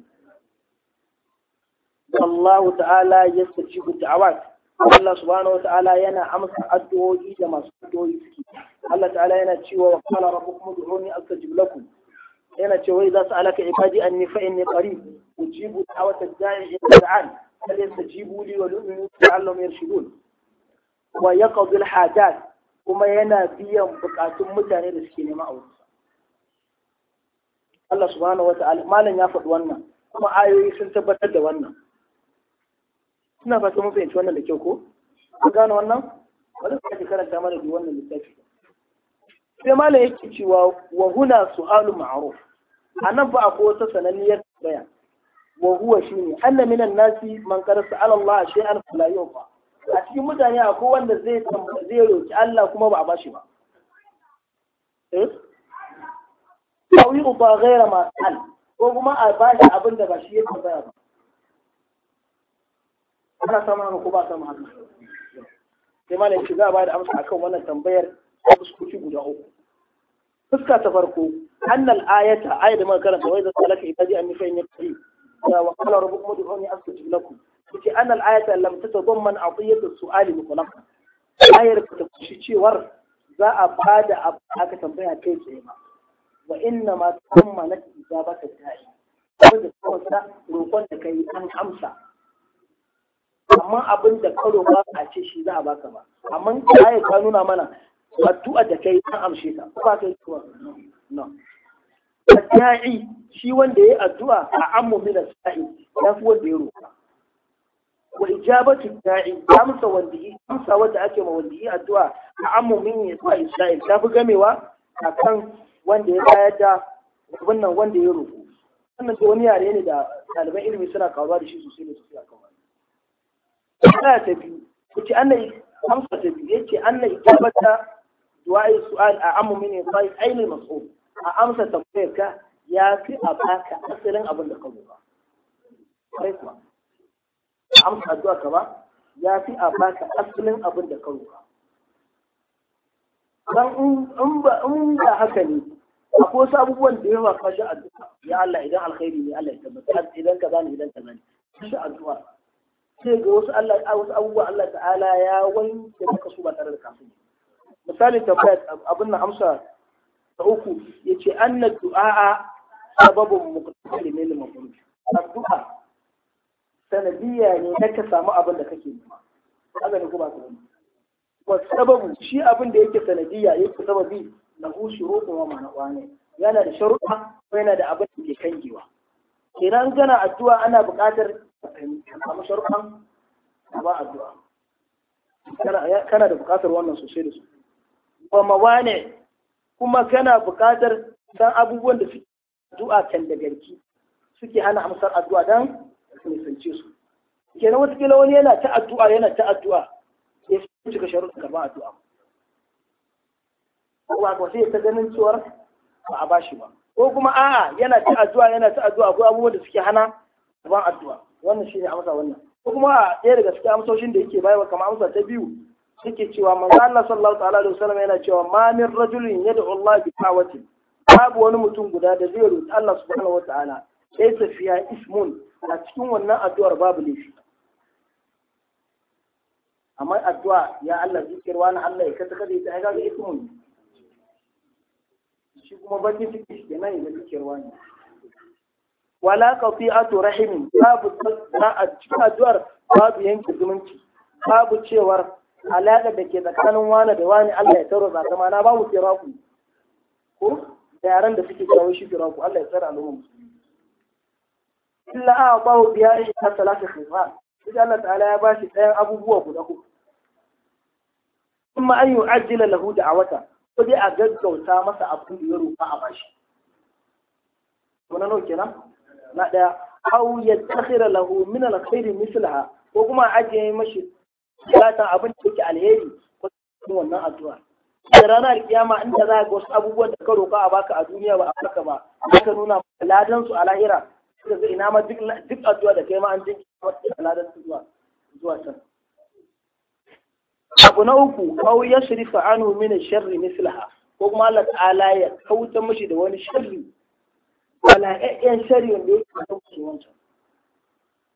Allah ta'ala yastajibu da'awat Allah subhanahu wa ta'ala yana amsa addu'o'i da masu addu'o'i suke Allah ta'ala yana cewa wa qala rabbukum ud'uni astajib lakum yana cewa idza sa'alaka ibadi anni fa inni qarib ujibu da'wata da'i ila da'an فليستجيبوا لي وليؤمنوا Wa yaqdi al-hajat kuma yana biyan bukatun mutane da suke nema a wurinsa Allah subhanahu wa ta'ala malam ya faɗi wannan kuma ayoyi sun tabbatar da wannan ina ba su mafi wannan da kyau ko kun gano wannan wani ka ji karanta mana da wannan littafi sai malam yake cewa wa huna su'alu ma'ruf anan ba akwai wata sananniyar tambaya wa huwa shine anna minan nasi man qara sa'ala Allah shay'an fala yufa a cikin mutane akwai wanda zai zai roki Allah kuma ba a bashi ba eh aw ba gaira ma ko kuma a bashi abin da ba shi ya tambaya ba ana samun haka ko ba samun haka sai ma ne za a bada amsa akan wannan tambayar a fuskoki guda uku fuska ta farko annal ayata ayi da muka karanta wai da salaka ibadi an mifa ne kai wa qala rabbukum ud'uni astajib lakum kace annal ayata lam tatadamman atiyatu su'ali mutlaq ayar ta kushi cewar za a bada abu aka tambaya kai tsaye ba wa inna ma tammanat ijabatu da'i wanda kuma roƙon da kai an amsa amma abin da karo ba a ce shi za a baka ba amma ayat ka nuna mana addu'a da kai an amshe ta ba kai kuma no da'i shi wanda yayi addu'a a ammu min sa'i ya fi wanda ya roƙa wa ijabatu da'i amsa wanda yi amsa wanda ake ma wanda yi addu'a a ammu min ya zuwa isra'il ta fi gamewa akan wanda ya bayar da wannan wanda ya roƙo wannan wani yare ne da ɗaliban ilimi suna karuwa da shi sosai da sosai a Kana ta biyu, ku ci anna amsa ta biyu, yace anna ijabata du'a'i su'al a ammu min sai aini mas'ul. A amsa tambayar ka ya fi a baka asalin abin da ka roƙa. Kai kuma amsa addu'a ka ba ya fi a baka asalin abin da ka roƙa. Dan in ba in ba haka ne akwai wasu abubuwan da yawa ka shi addu'a ya Allah idan alkhairi ne Allah ya tabbata idan kaza ne idan kaza ne sha addu'a sai ga wasu abubuwa Allah ta'ala ya wanke maka kasu ba tare da kafin misalin tambaya abin nan amsa ta uku an na du'a sababun muqtasil min al A addu'a sanadiyya ne na ka samu abin da kake nema haka ne kuma ka Wasu sababu shi abin da yake sanadiyya yake sababi hushi shuruqun ma ma'na ƙwane yana da sharuɗa ko yana da abin da ke kangewa kenan gana addu'a ana buƙatar amma sharuɗan ba addu'a kana da buƙatar wannan sosai da su wa mawane kuma kana buƙatar san abubuwan da suke addu'a kan da garki suke hana amsar addu'a dan nisance su kenan watakila wani yana ta addu'a yana ta addu'a ya fi cika sharuɗin karɓar addu'a ba ko sai ta ganin cewar ba a bashi ba ko kuma a'a yana ta addu'a yana ta addu'a ko abubuwan da suke hana karɓar addu'a wannan shi ne amsa wannan ko kuma a ɗaya daga cikin amsoshin da yake bayarwa kamar amsa ta biyu suke cewa manzo Allah sallallahu ta'ala alaihi wasallam yana cewa ma min rajulin yad'u Allah bi wace. babu wani mutum guda da zai roƙi Allah subhanahu wa ta'ala sai tafiya ismun a cikin wannan addu'ar babu laifi amma addu'a ya Allah zikirwa na Allah ya kasa kada ya ta ga ismun shi kuma bakin ciki kenan ya zikirwa ne wala qati'atu rahimi babu a cikin addu'ar babu yanke zumunci babu cewar alaƙa da ke tsakanin wani da wani Allah ya tsaro ba kama na babu firaku ko da yaran da suke kawo shi firaku Allah ya tsara al'umma illa a bawo biya shi ta salata khifa sai Allah ta'ala ya bashi ɗayan abubuwa guda ku kuma an yi yu'ajjila lahu da'awata ko dai a gaggauta masa abin da ya rufa a bashi wannan kenan na ɗaya Hau ya tsakhira lahu min alkhairi mislaha ko kuma a ajiye mashi bukatan abin da yake alheri ko wannan addu'a da ranar kiyama inda za ga wasu abubuwan da ka roka a baka a duniya ba a baka ba aka nuna ladan su a lahira suka zai ina ma duk addu'a da kai ma an jinki ladan su zuwa zuwa can abu na uku ya yasrifa anu min sharri mislaha ko kuma Allah ta'ala ya kauta mashi da wani sharri bala'ya'yan shari wanda ya da kusa wancan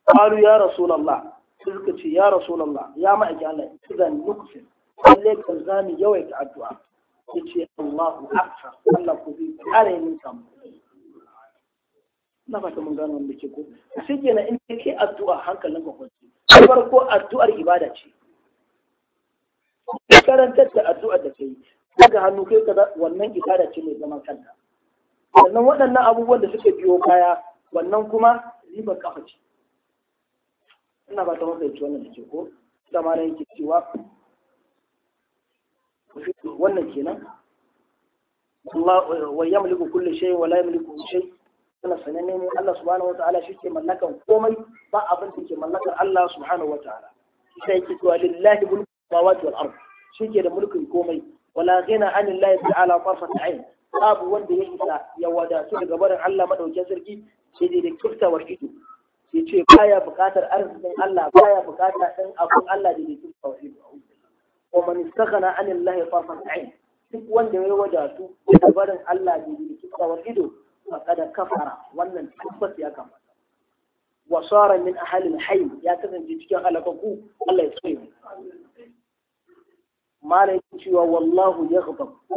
qalu ya rasulullah suka ce ya rasulullah ya ma'aiki Allah idan nukfin lalle kan zami yawaita addu'a yace Allahu akbar Allah ku bi kare ni kam na fata mun gano wanda ke ko sai kenan in kake addu'a hankalin ka kwanci farko addu'ar ibada ce karantar da addu'ar da kai daga hannu kai kaza wannan ibada ce mai zaman kanta sannan waɗannan abubuwan da suke biyo baya wannan kuma ribar kafa ce ina ba ta mafaici wannan da ke ko dama na yake cewa wannan kenan wa yamliku kulli shay wa la yamliku shay kana sananne ne Allah subhanahu wa ta'ala shi ke mallakan komai ba abin da ke mallakar Allah subhanahu wa ta'ala sai yake cewa lillahi mulku samawati wal ard shi ke da mulkin komai wala ghina anillahi ta'ala tarfat ayn babu wanda ya isa ya wadatu daga barin Allah madaukakin sarki sai dai da ido ya ce baya buƙatar arzikin Allah baya buƙatar ɗan abun Allah da ke kiftawar ido wa man istaghna an Allah fa ain duk wanda ya wadatu daga barin Allah da ke kiftawar ido faqad kafara wannan tabbas ya kamata wa sara min ahli al ya kasance cikin halakaku Allah ya tsare mu malai cewa wallahu ya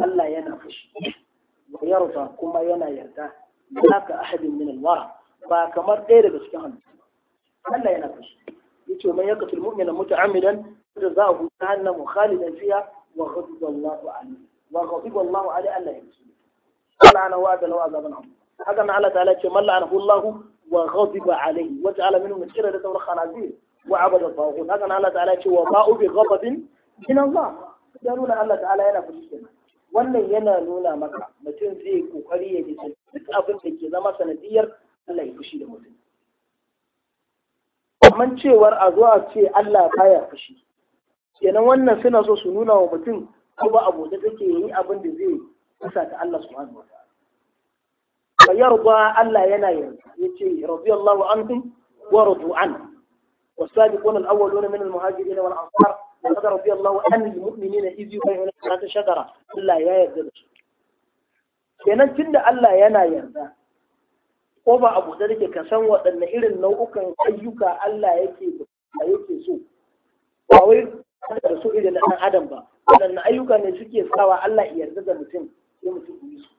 Allah yana fushi wa yarda kuma yana yarda haka ahadin min alwara ba kamar ɗaya daga cikin halittu Allah yana kashi yace man yaqtul mu'mina muta'ammidan jazaohu jahannamu khalidan fiha wa ghadiba Allahu alayhi wa ghadiba Allahu alayhi Allah ya kashi Allah ana wa'ada lahu azaban azim haka nan Allah ta'ala ce man la'anahu Allah wa ghadiba alayhi wa ja'ala minhum al-qirada wal khanazir wa abada ba'u bi ghadabin min Allah ya nuna Allah wannan yana nuna maka mutum zai kokari ya bisa duk abin da ke zama sanadiyar Allah ya fushi da mutum amma cewar a zuwa ce Allah baya fushi kenan wannan suna so su nuna wa mutum ko ba abu da take yi abin da zai kusa ta Allah subhanahu wataala fa yarda Allah yana yarda yace radiyallahu anhum wa radu an والسابقون الأولون من المهاجرين والأنصار لقد رضي الله عن المؤمنين إذ يبايعون Allah ya yarda da su. kenan tunda Allah yana yarda ko ba abu da yake ka san waɗanne irin nau'ukan ayyuka Allah yake da yake so ba wai da su irin na ɗan adam ba waɗanne ayyuka ne suke sawa Allah ya yarda da mutum sai mutum ya yi su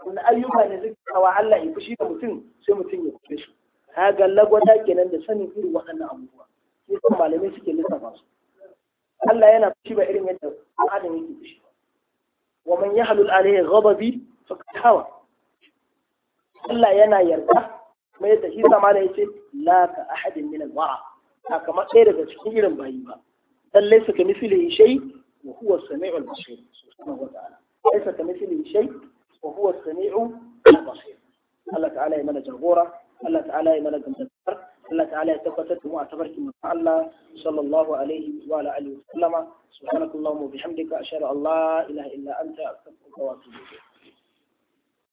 waɗanne ayyuka ne suke sawa Allah ya fushi da mutum sai mutum ya fushi su ga lagwada kenan da sanin irin waɗannan abubuwa sai malamai suke lissafa su Allah yana fushi ba irin yadda Adam yake fushi wa man yahlul alayhi ghadabi faqad hawa Allah yana yarda kuma yadda shi sama da yace la ka ahadin min al-wara kamar ɗaya daga cikin irin bayi ba lallai suka mislihi shay wa huwa as-sami'ul basir subhanahu wa ta'ala ليس كمثله شيء وهو السميع البصير الله تعالى يمنى جربورة الله ya mana جمجمة Allah ta'ala ya tabbatar da mu a tabarkin manzon Allah sallallahu alaihi wa ala alihi wa sallama subhanakallahumma wa bihamdika ashhadu an la ilaha illa anta astaghfiruka wa atubu ilayk